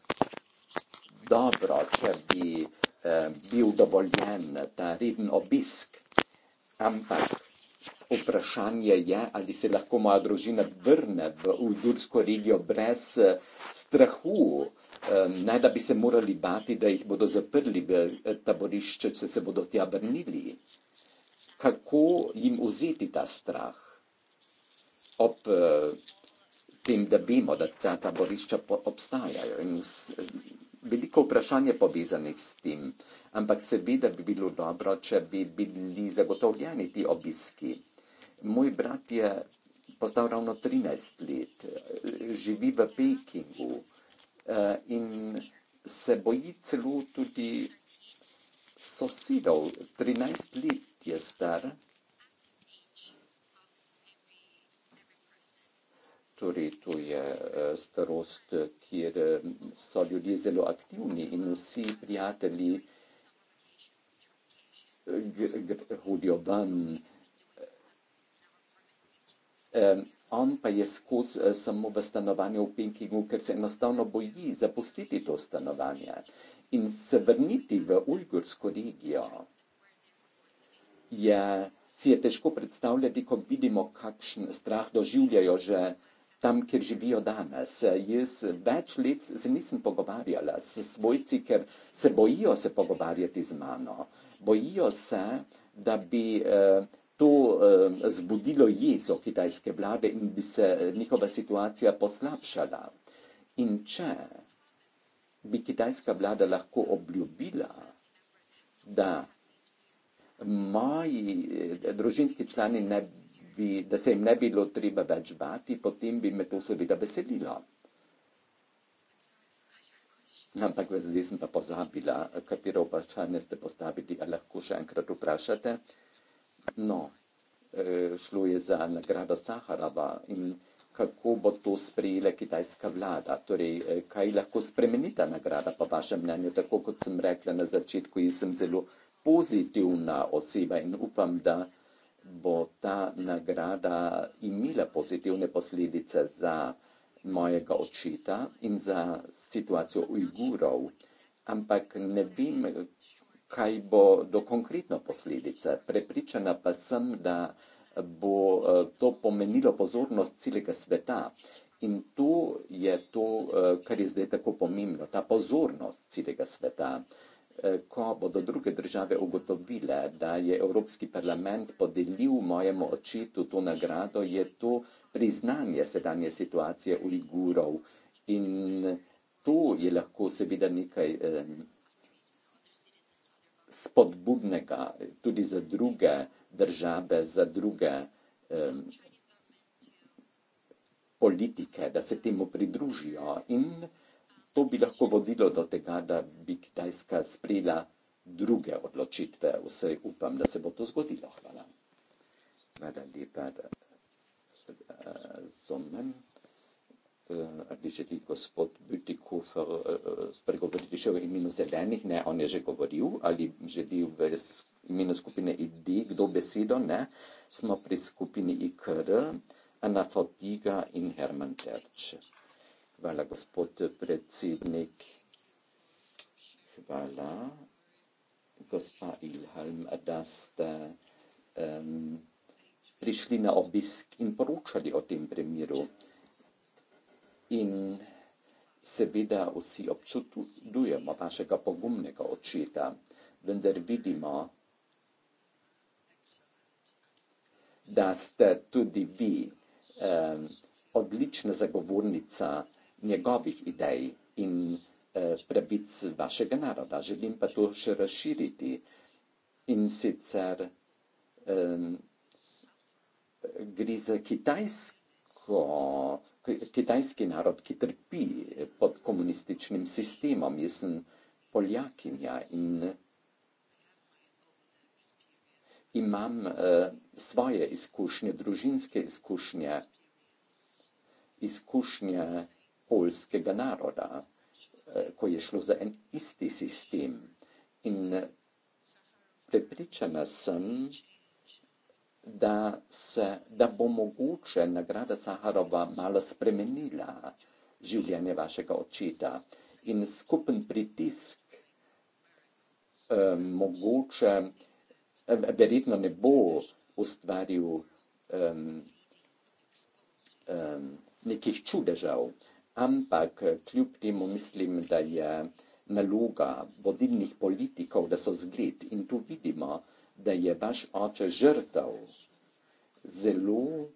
dobro, če bi eh, bil dovoljen ta reden obisk. Ampak vprašanje je, ali se lahko moja družina vrne v Ujgursko regijo brez eh, strahu. Eh, Naj da bi se morali bati, da jih bodo zaprli v eh, taborišče, če se bodo tja vrnili. Kako jim vzeti ta strah? Ob eh, tem, da vemo, da ta taborišča obstajajo in veliko vprašanj je povezanih s tem, ampak seveda bi bilo dobro, če bi bili zagotovljeni ti obiski. Moj brat je postal ravno 13 let, živi v Pekingu eh, in se boji celo tudi sosedov, 13 let je star Torej, to je eh, starost, kjer eh, so ljudje zelo aktivni in vsi prijatelji hodijo ven. On pa je skozi eh, samo v stanovanju v Pekingu, ker se enostavno boji zapustiti to stanovanje in se vrniti v ujgursko regijo. Je, si je težko predstavljati, ko vidimo, kakšen strah doživljajo že tam, kjer živijo danes. Jaz več let se nisem pogovarjala s svojci, ker se bojijo se pogovarjati z mano. Bojijo se, da bi eh, to eh, zbudilo jezo kitajske vlade in bi se eh, njihova situacija poslabšala. In če bi kitajska vlada lahko obljubila, da moji družinski člani ne bi bi, da se jim ne bilo treba več bati, potem bi me to seveda veselilo. Ampak zdaj sem pa pozabila, katero vprašanje ste postavili, ali lahko še enkrat vprašate. No, eh, šlo je za nagrado Saharova in kako bo to sprejela kitajska vlada. Torej, eh, kaj lahko spremeni ta nagrada, po vašem mnenju? Tako kot sem rekla na začetku, jaz sem zelo pozitivna oseba in upam, da bo ta nagrada imela pozitivne posledice za mojega očeta in za situacijo Ujgurov, ampak ne vem, kaj bo do konkretno posledice. Prepričana pa sem, da bo eh, to pomenilo pozornost celega sveta. In to je to, eh, kar je zdaj tako pomembno, ta pozornost celega sveta. Uh, Eh, ko bodo druge države ugotovile, da je Evropski parlament podelil mojemu očetu to nagrado, je to priznanje sedanje situacije Ujgurov. In to je lahko seveda nekaj eh, spodbudnega tudi za druge države, za druge eh, politike, da se temu pridružijo. In eh, to bi lahko vodilo do tega, da bi Kitajska sprejela druge odločitve. Vse upam, da se bo to zgodilo. Hvala. Hvala lepa. Eh, Zomem. Eh, ali želi gospod Bütikofer eh, spregovoriti še o imenu zelenih? Ne, on je že govoril. Ali želi v imenu skupine ID kdo besedo? Ne. Smo pri skupini IKR, Ana Fotiga in Herman Terč. Hvala, gospod predsednik. Hvala, gospa Ilhelm, da ste um, prišli na obisk in poročali o tem primeru. In seveda vsi občutujemo vašega pogumnega očeta, vendar vidimo, da ste tudi vi um, odlična zagovornica njegovih idej in eh, pravic vašega naroda. Želim pa to še razširiti in sicer eh, gre za kitajsko, kitajski narod, ki trpi pod komunističnim sistemom. Jaz sem poljakinja in imam eh, svoje izkušnje, družinske izkušnje, izkušnje polskega naroda, eh, ko je šlo za en isti sistem. In eh, prepričana sem, da, se, da bo mogoče nagrada Saharova malo spremenila življenje vašega očeta in skupen pritisk eh, mogoče, eh, verjetno ne bo ustvaril eh, eh, nekih čudežev, ampak eh, kljub temu mislim, da je naloga vodilnih politikov, da so zgled in tu vidimo, da je vaš oče žrtav zelo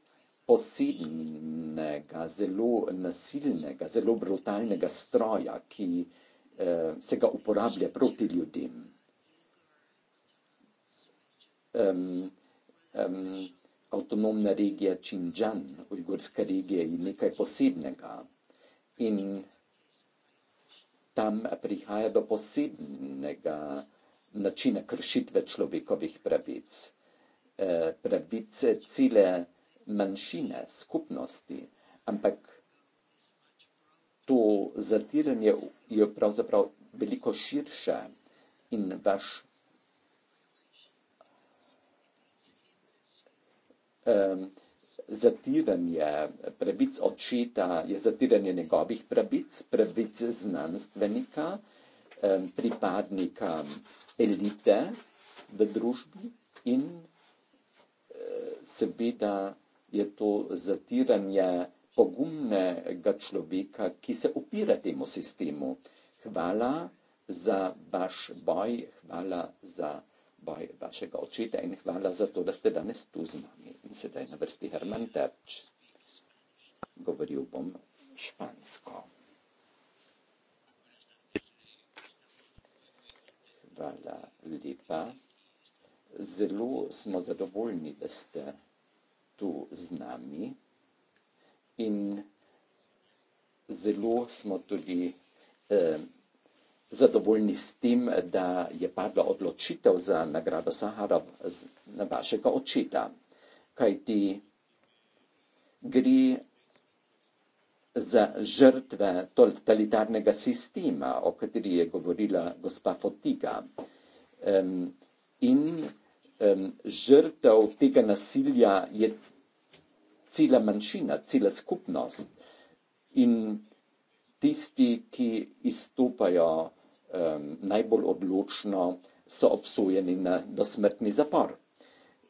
posebnega, zelo nasilnega, zelo brutalnega stroja, ki eh, se ga uporablja proti ljudem. Um, um, avtonomna regija Xinjiang, ujgurska regija, je nekaj posebnega in tam prihaja do posebnega načina kršitve človekovih pravic. Eh, pravice cilje manjšine, skupnosti, ampak to zatiranje je pravzaprav veliko širše in vaš um, zatiranje pravic očeta, je zatiranje njegovih pravic, pravic znanstvenika, pripadnika elite v družbi in eh, seveda je to zatiranje pogumnega človeka, ki se opira temu sistemu. Hvala za vaš boj, hvala za vaš boj vaj, vašega očeta in hvala za to, da ste danes tu z nami. In sedaj na vrsti Herman Terč. Govoril bom špansko. Hvala lepa. Zelo smo zadovoljni, da ste tu z nami in zelo smo tudi eh, zadovoljni s tem, da je padla odločitev za nagrado Saharov na vašega očeta. Kaj ti gre za žrtve totalitarnega sistema, o kateri je govorila gospa Fotiga. Um, in um, žrtev tega nasilja je cela manjšina, cela skupnost. In tisti, ki izstopajo Ehm, najbolj odločno so obsojeni na dosmrtni zapor.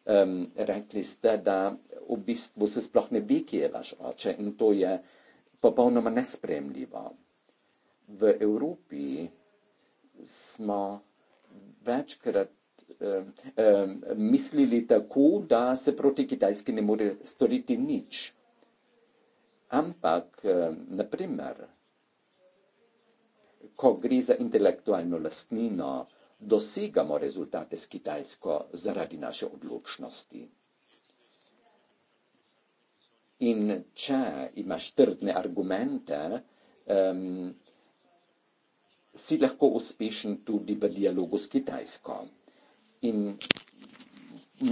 Um, rekli ste, da v bistvu se sploh ne ve, kje je vaš oče in to je popolnoma nespremljivo. V Evropi smo večkrat um, um, mislili tako, da se proti Kitajski ne more storiti nič. Ampak, um, naprimer, ko gre za intelektualno lastnino, dosegamo rezultate s Kitajsko zaradi naše odločnosti. In če imaš trdne argumente, um, si lahko uspešen tudi v dialogu s Kitajsko. In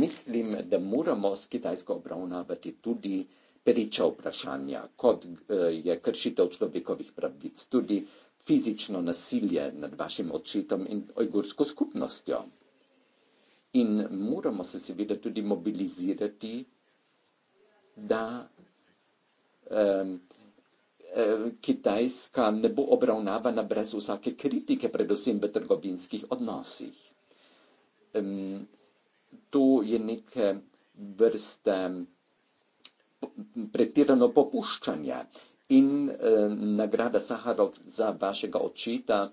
mislim, da moramo s Kitajsko obravnavati tudi pereča vprašanja, kot eh, je kršitev človekovih pravic, tudi fizično nasilje nad vašim očetom in ojgursko skupnostjo. In moramo se seveda tudi mobilizirati, da um, Kitajska ne bo obravnavana brez vsake kritike, predvsem v trgovinskih odnosih. Um, to je neke vrste pretirano popuščanje In eh, nagrada Saharov za vašega očeta,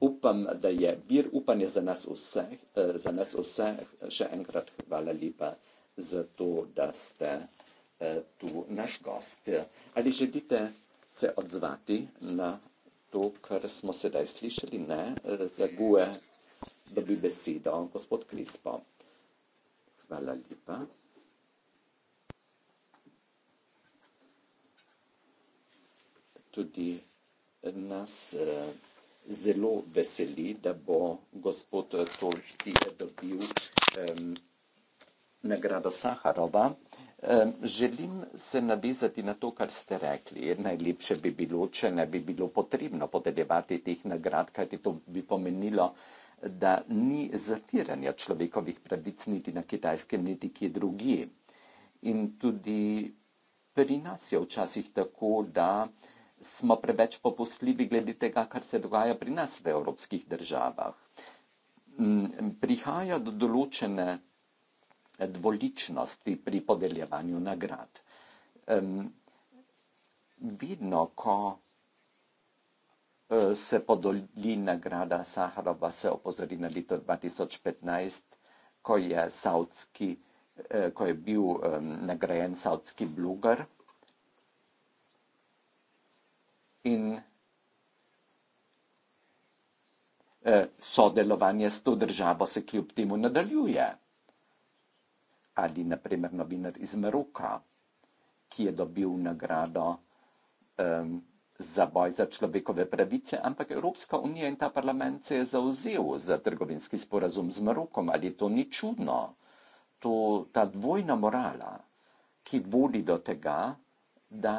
upam, da je vir upanje za nas vse, eh, za nas vse. Še enkrat hvala lepa za to, da ste eh, tu naš gost. Ali želite se odzvati na to, kar smo sedaj slišali, ne, eh, za guje, da bi besedo, gospod Krispo. Hvala lepa. tudi nas eh, zelo veseli, da bo gospod Tolhti dobil um, nagrado Saharova. Um, želim se navizati na to, kar ste rekli. Najlepše bi bilo, če ne bi bilo potrebno podeljevati teh nagrad, kajti to bi pomenilo, da ni zatiranja človekovih pravic niti na kitajskem, niti kje drugi. In tudi pri nas je včasih tako, da uh, smo preveč popustljivi glede tega, kar se dogaja pri nas v evropskih državah. Mm, prihaja do določene eh, dvoličnosti pri podeljevanju nagrad. Vedno, ko eh, se podoli nagrada Saharova, se opozori na leto 2015, ko je, saudski, eh, ko je bil nagrajen saudski bloger, in eh, sodelovanje s to državo se kljub temu nadaljuje. Ali naprimer novinar iz Maroka, ki je dobil nagrado eh, za boj za človekove pravice, ampak Evropska unija in ta parlament se je zauzel za trgovinski sporazum z Marokom. Ali to ni čudno? To, ta dvojna morala, ki vodi do tega, da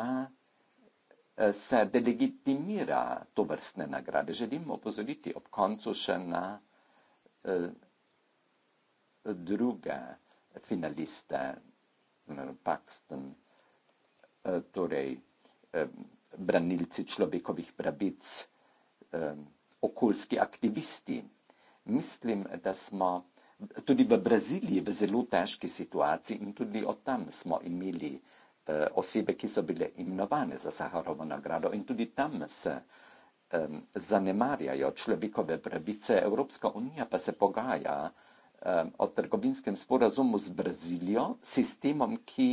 Eh, se delegitimira to vrstne nagrade. Želim opozoriti ob koncu še na eh, druge finaliste, Paxton, eh, torej branilci človekovih pravic, okoljski aktivisti. Mislim, da smo tudi v Braziliji v zelo težki situaciji in tudi od tam smo imeli Eh, osebe, ki so bile imenovane za Saharovo nagrado in tudi tam se um, zanemarjajo človekove pravice. Evropska unija pa se pogaja um, o trgovinskem sporazumu z Brazilijo, sistemom, ki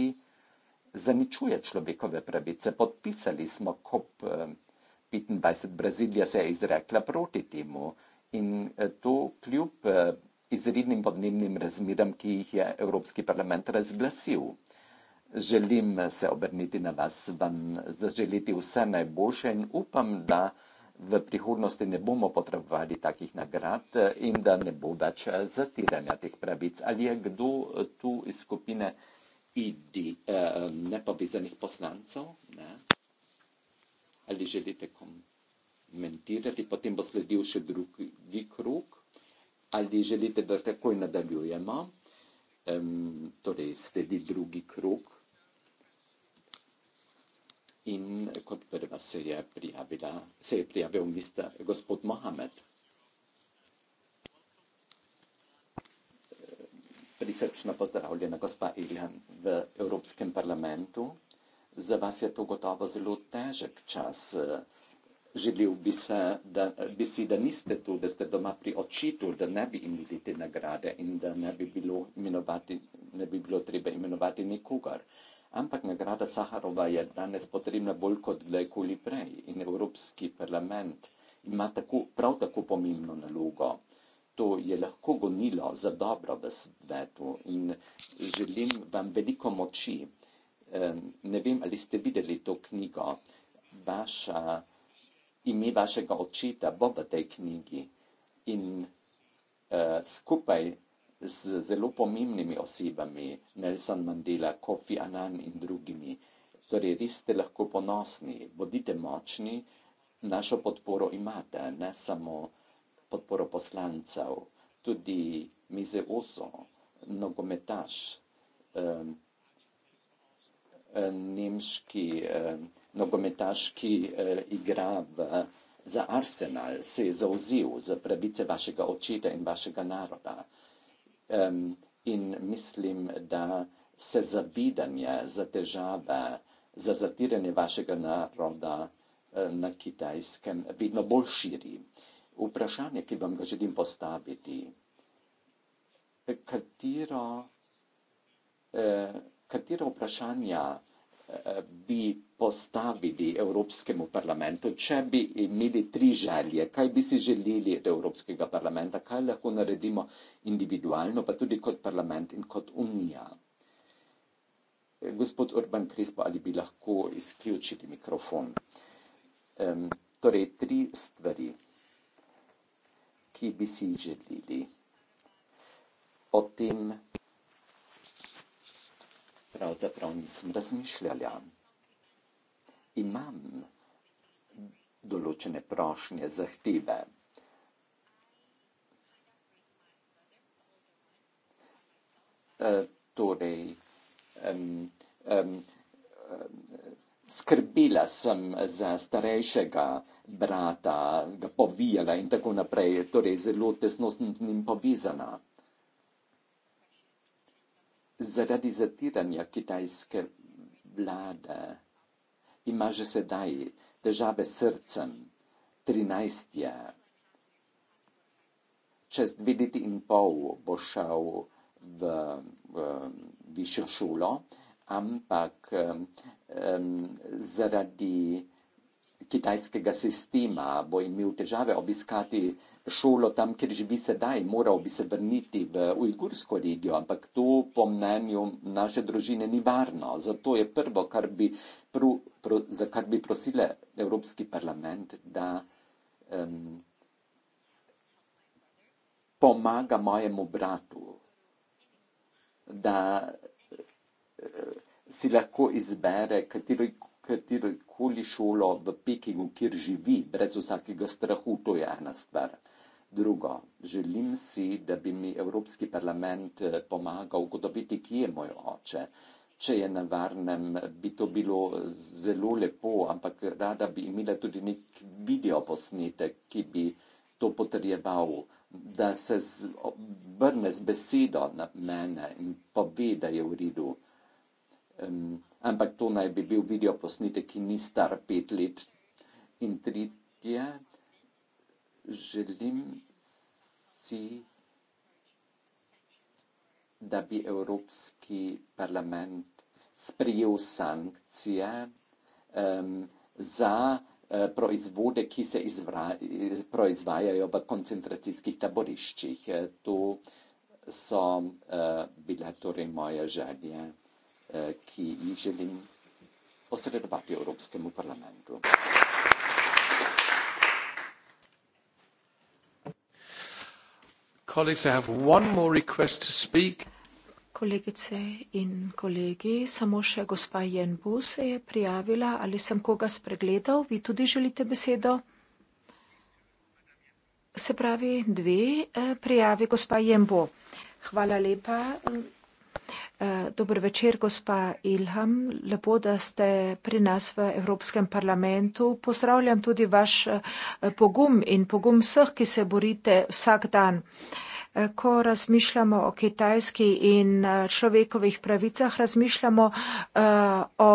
zaničuje človekove pravice. Podpisali smo COP25, Brazilija se je izrekla proti temu in eh, to kljub uh, izrednim podnebnim razmeram, ki jih je Evropski parlament razglasil želim se obrniti na vas, vam zaželiti vse najboljše in upam, da v prihodnosti ne bomo potrebovali takih nagrad in da ne bo več zatiranja teh pravic. Ali je kdo tu iz skupine ID, eh, nepovezanih poslancev? Ne? Ali želite komentirati? Potem bo sledil še drugi krug. Ali želite, da takoj nadaljujemo? Um, torej, sledi drugi krug. In kot prva se je prijavila, se je prijavil mister gospod Mohamed. Prisrčno pozdravljena gospa Ilhan v Evropskem parlamentu. Za vas je to gotovo zelo težek čas. Želil bi, se, da, bi si, da niste tu, da ste doma pri očitu, da ne bi imeli te nagrade in da ne bi bilo, imenovati, ne bi bilo treba imenovati nikogar. Ampak nagrada Saharova je danes potrebna bolj kot kdajkoli prej in Evropski parlament ima tako, prav tako pomembno nalogo. To je lahko gonilo za dobro v svetu in želim vam veliko moči. Ne vem, ali ste videli to knjigo. Vaša, ime vašega očeta bo v tej knjigi in uh, skupaj z zelo pomembnimi osebami, Nelson Mandela, Kofi Annan in drugimi. Torej, res ste lahko ponosni, bodite močni, našo podporo imate, ne samo podporo poslancev, tudi Mize Oso, nogometaš, nemški nogometaš, ki igra v, za Arsenal, se je zauzel za pravice vašega očeta in vašega naroda um, in mislim, da se zavidanje za težave, za zatiranje vašega naroda um, na kitajskem vedno bolj širi. Vprašanje, ki vam ga želim postaviti, katero, eh, katero vprašanje bi postavili Evropskemu parlamentu, če bi imeli tri želje, kaj bi si želeli od Evropskega parlamenta, kaj lahko naredimo individualno, pa tudi kot parlament in kot unija. Gospod Urban Krispo, ali bi lahko izključili mikrofon? Um, torej, tri stvari, ki bi si želeli o tem pravzaprav nisem razmišljala. Imam določene prošnje, zahteve. E, torej, em, em, skrbila sem za starejšega brata, ga povijala in tako naprej. Torej, zelo tesno sem z njim povezana zaradi zatiranja kitajske vlade ima že sedaj težave s srcem. 13 je. Čez dve leti in pol bo šel v, v um, višjo šolo, ampak um, um zaradi kitajskega sistema, bo imel težave obiskati šolo tam, kjer živi sedaj, moral bi se vrniti v ujgursko regijo, ampak to po mnenju naše družine ni varno. Zato je prvo, kar bi, pru, pru, za kar bi prosile Evropski parlament, da um, pomaga mojemu bratu, da uh, si lahko izbere, katero katerokoli šolo v Pekingu, kjer živi, brez vsakega strahu, to je ena stvar. Drugo, želim si, da bi mi Evropski parlament eh, pomagal ugotoviti, kje je moj oče. Če je na varnem, bi to bilo zelo lepo, ampak rada bi imela tudi nek video posnetek, ki bi to potrjeval, da se z, brne z besedo na mene in pove, da je v redu. Um, ampak to naj bi bil video posnetek, ki ni star pet let. In tretje, želim si, da bi Evropski parlament sprijel sankcije um, za uh, proizvode, ki se izvra, proizvajajo v koncentracijskih taboriščih. Eh, to so uh, bile torej moje želje. Eh, ki jih želim posredovati Evropskemu parlamentu. Colleagues, I have one more request to speak. Kolegice in kolegi, samo še gospa Jenbu se je prijavila. Ali sem koga spregledal? Vi tudi želite besedo? Se pravi, dve eh, prijavi, gospa Jenbu. Hvala lepa. Eh, Eh, dober večer, gospa Ilham. Lepo, da ste pri nas v Evropskem parlamentu. Pozdravljam tudi vaš eh, pogum in pogum vseh, ki se borite vsak dan. Eh, ko razmišljamo o kitajski in človekovih pravicah, razmišljamo o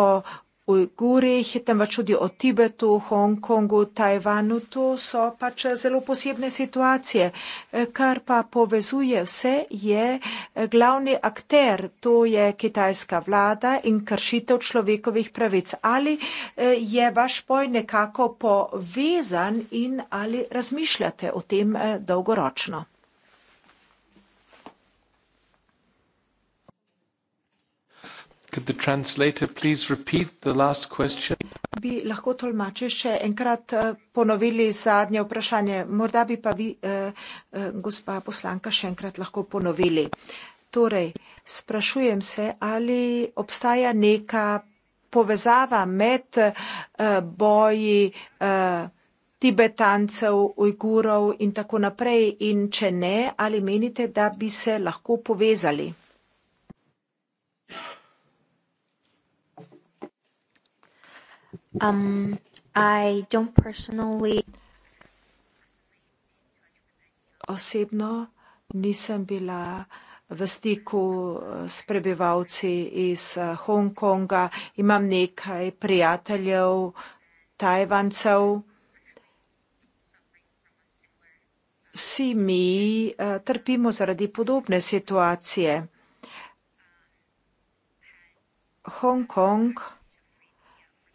Ujguri, hitem pač tudi o Tibetu, Hongkongu, Tajvanu, to so pač zelo posebne situacije. Kar pa povezuje vse, je eh, glavni akter, to je kitajska vlada in kršitev človekovih pravic. Ali eh, je vaš poj nekako povezan in ali razmišljate o tem eh, dolgoročno? Could the translator please repeat the last question? Bi lahko tolmače še enkrat eh, ponovili zadnje vprašanje? Morda bi pa vi, eh, eh, gospa poslanka, še enkrat lahko ponovili. Torej, sprašujem se, ali obstaja neka povezava med boji Tibetancev, Ujgurov in tako naprej, in če ne, ali menite, da bi se lahko povezali? um i don't personally osebno nisem bila v stiku eh, s prebivalci iz eh, Hongkonga, imam nekaj prijateljev, Tajvancev. Vsi mi eh, trpimo zaradi podobne situacije. Hongkong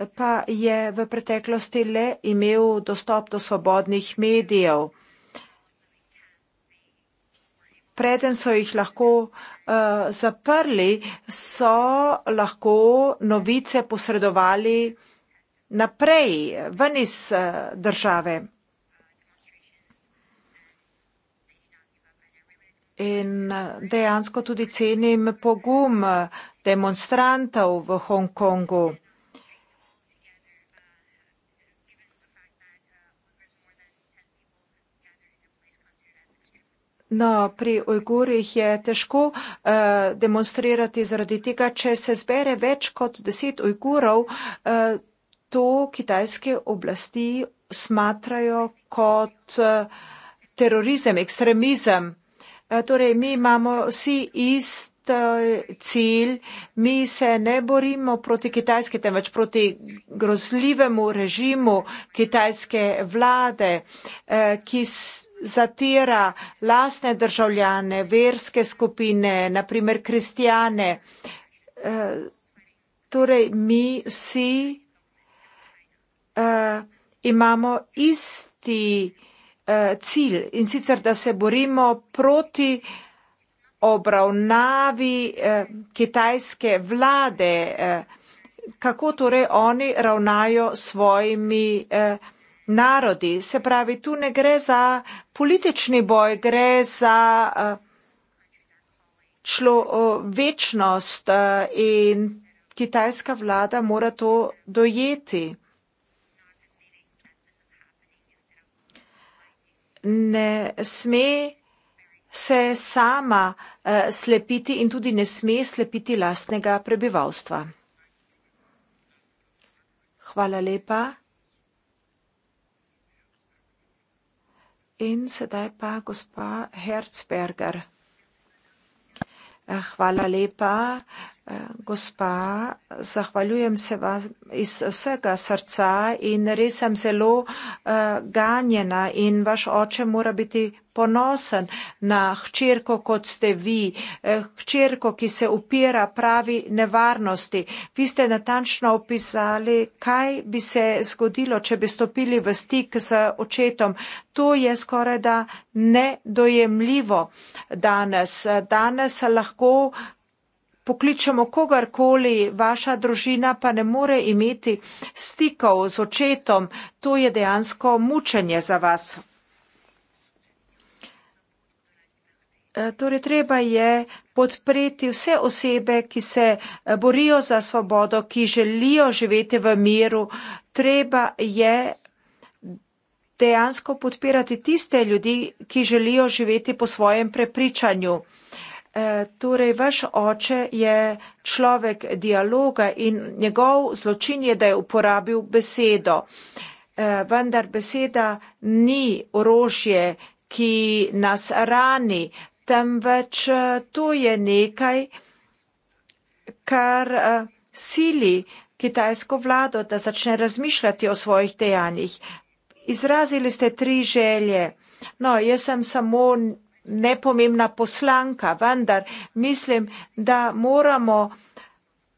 pa je v preteklosti le imel dostop do svobodnih medijev. Preden so jih lahko uh, zaprli, so lahko novice posredovali naprej, ven iz uh, države. In eh, dejansko tudi cenim pogum demonstrantov v Hongkongu. No, pri Ujgurih je težko uh, demonstrirati zaradi tega, če se zbere več kot deset Ujgurov, uh, to kitajske oblasti smatrajo kot uh, terorizem, ekstremizem. Uh, torej, mi imamo vsi ist cilj, mi se ne borimo proti Kitajske, temveč proti grozljivemu režimu kitajske vlade, eh, ki zatira lastne državljane, verske skupine, naprimer kristijane. Eh, torej, mi vsi eh, imamo isti cilj in sicer, da se borimo proti obravnavi eh, kitajske vlade, eh, kako torej oni ravnajo s svojimi eh, narodi. Se pravi, tu ne gre za politični boj, gre za eh, člo, eh, večnost eh, in kitajska vlada mora to dojeti. Ne sme se sama Eh, slepiti in tudi ne sme slepiti lastnega prebivalstva. Hvala lepa. In sedaj pa gospa Herzberger. Eh, hvala lepa, eh, gospa. Zahvaljujem se vam iz vsega srca in res sem zelo uh, ganjena in vaš oče mora biti ponosen na hčerko, kot ste vi, eh, hčerko, ki se upira pravi nevarnosti. Vi ste natančno opisali, kaj bi se zgodilo, če bi stopili v stik z očetom. To je skoraj da nedojemljivo danes. Danes lahko pokličemo kogarkoli, vaša družina pa ne more imeti stikov z očetom. To je dejansko mučenje za vas. Eh, torej, treba je podpreti vse osebe, ki se eh, borijo za svobodo, ki želijo živeti v miru. Treba je dejansko podpirati tiste ljudi, ki želijo živeti po svojem prepričanju. Eh, torej, vaš oče je človek dialoga in njegov zločin je, da je uporabil besedo. Vendar beseda ni orožje, ki nas rani, temveč eh, to je nekaj, kar eh, sili kitajsko vlado, da začne razmišljati o svojih dejanjih. Izrazili ste tri želje. No, jaz sem samo nepomembna poslanka, vendar mislim, da moramo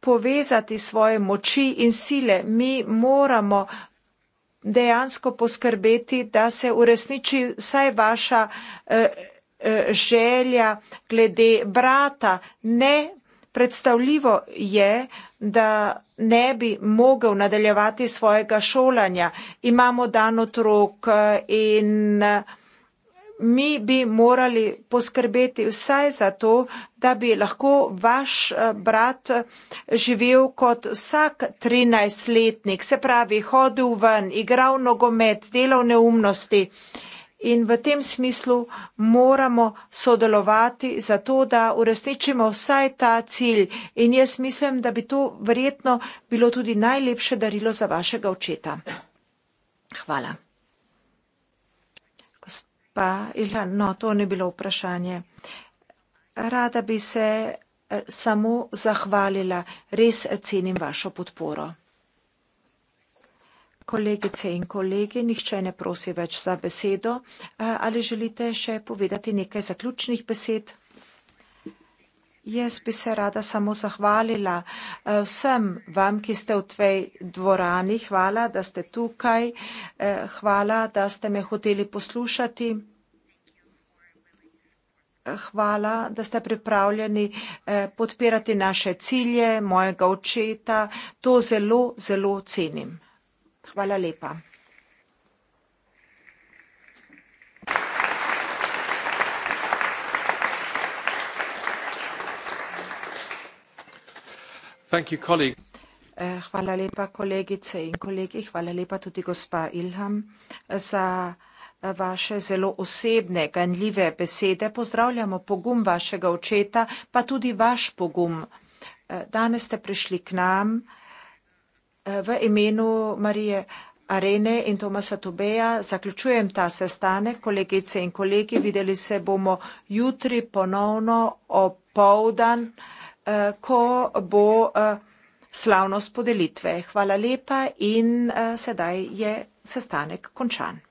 povezati svoje moči in sile. Mi moramo dejansko poskrbeti, da se uresniči vsaj vaša. Eh, želja glede brata. Ne predstavljivo je, da ne bi mogel nadaljevati svojega šolanja. Imamo dan otrok eh, in eh, mi bi morali poskrbeti vsaj za to, da bi lahko vaš eh, brat živel kot vsak 13-letnik, se pravi, hodil ven, igral nogomet, delal neumnosti. Uh, in v tem smislu moramo sodelovati za to, da uresničimo vsaj ta cilj. In jaz mislim, da bi to verjetno bilo tudi najlepše darilo za vašega očeta. Hvala. Gospa Ilja, no, to ni bilo vprašanje. Rada bi se eh, samo zahvalila, res eh, cenim vašo podporo kolegice in kolegi, nihče ne prosi več za besedo. Eh, ali želite še povedati nekaj zaključnih besed? Jaz bi se rada samo zahvalila eh, vsem vam, ki ste v tvej dvorani. Hvala, da ste tukaj. Eh, hvala, da ste me hoteli poslušati. Hvala, da ste pripravljeni podpirati naše cilje, mojega očeta. To zelo, zelo cenim. Hvala lepa. Eh, hvala lepa, kolegice in kolegi. Hvala lepa tudi gospa Ilham za eh, vaše zelo osebne, ganljive besede. Pozdravljamo pogum vašega očeta, pa tudi vaš pogum. Eh, danes ste prišli k nam. Eh, v imenu Marije Arene in Tomasa Tubeja zaključujem ta sestanek. Kolegice in kolegi, videli se bomo jutri ponovno opovdan, eh, ko bo eh, slavnost podelitve. Hvala lepa in sedaj je sestanek končan.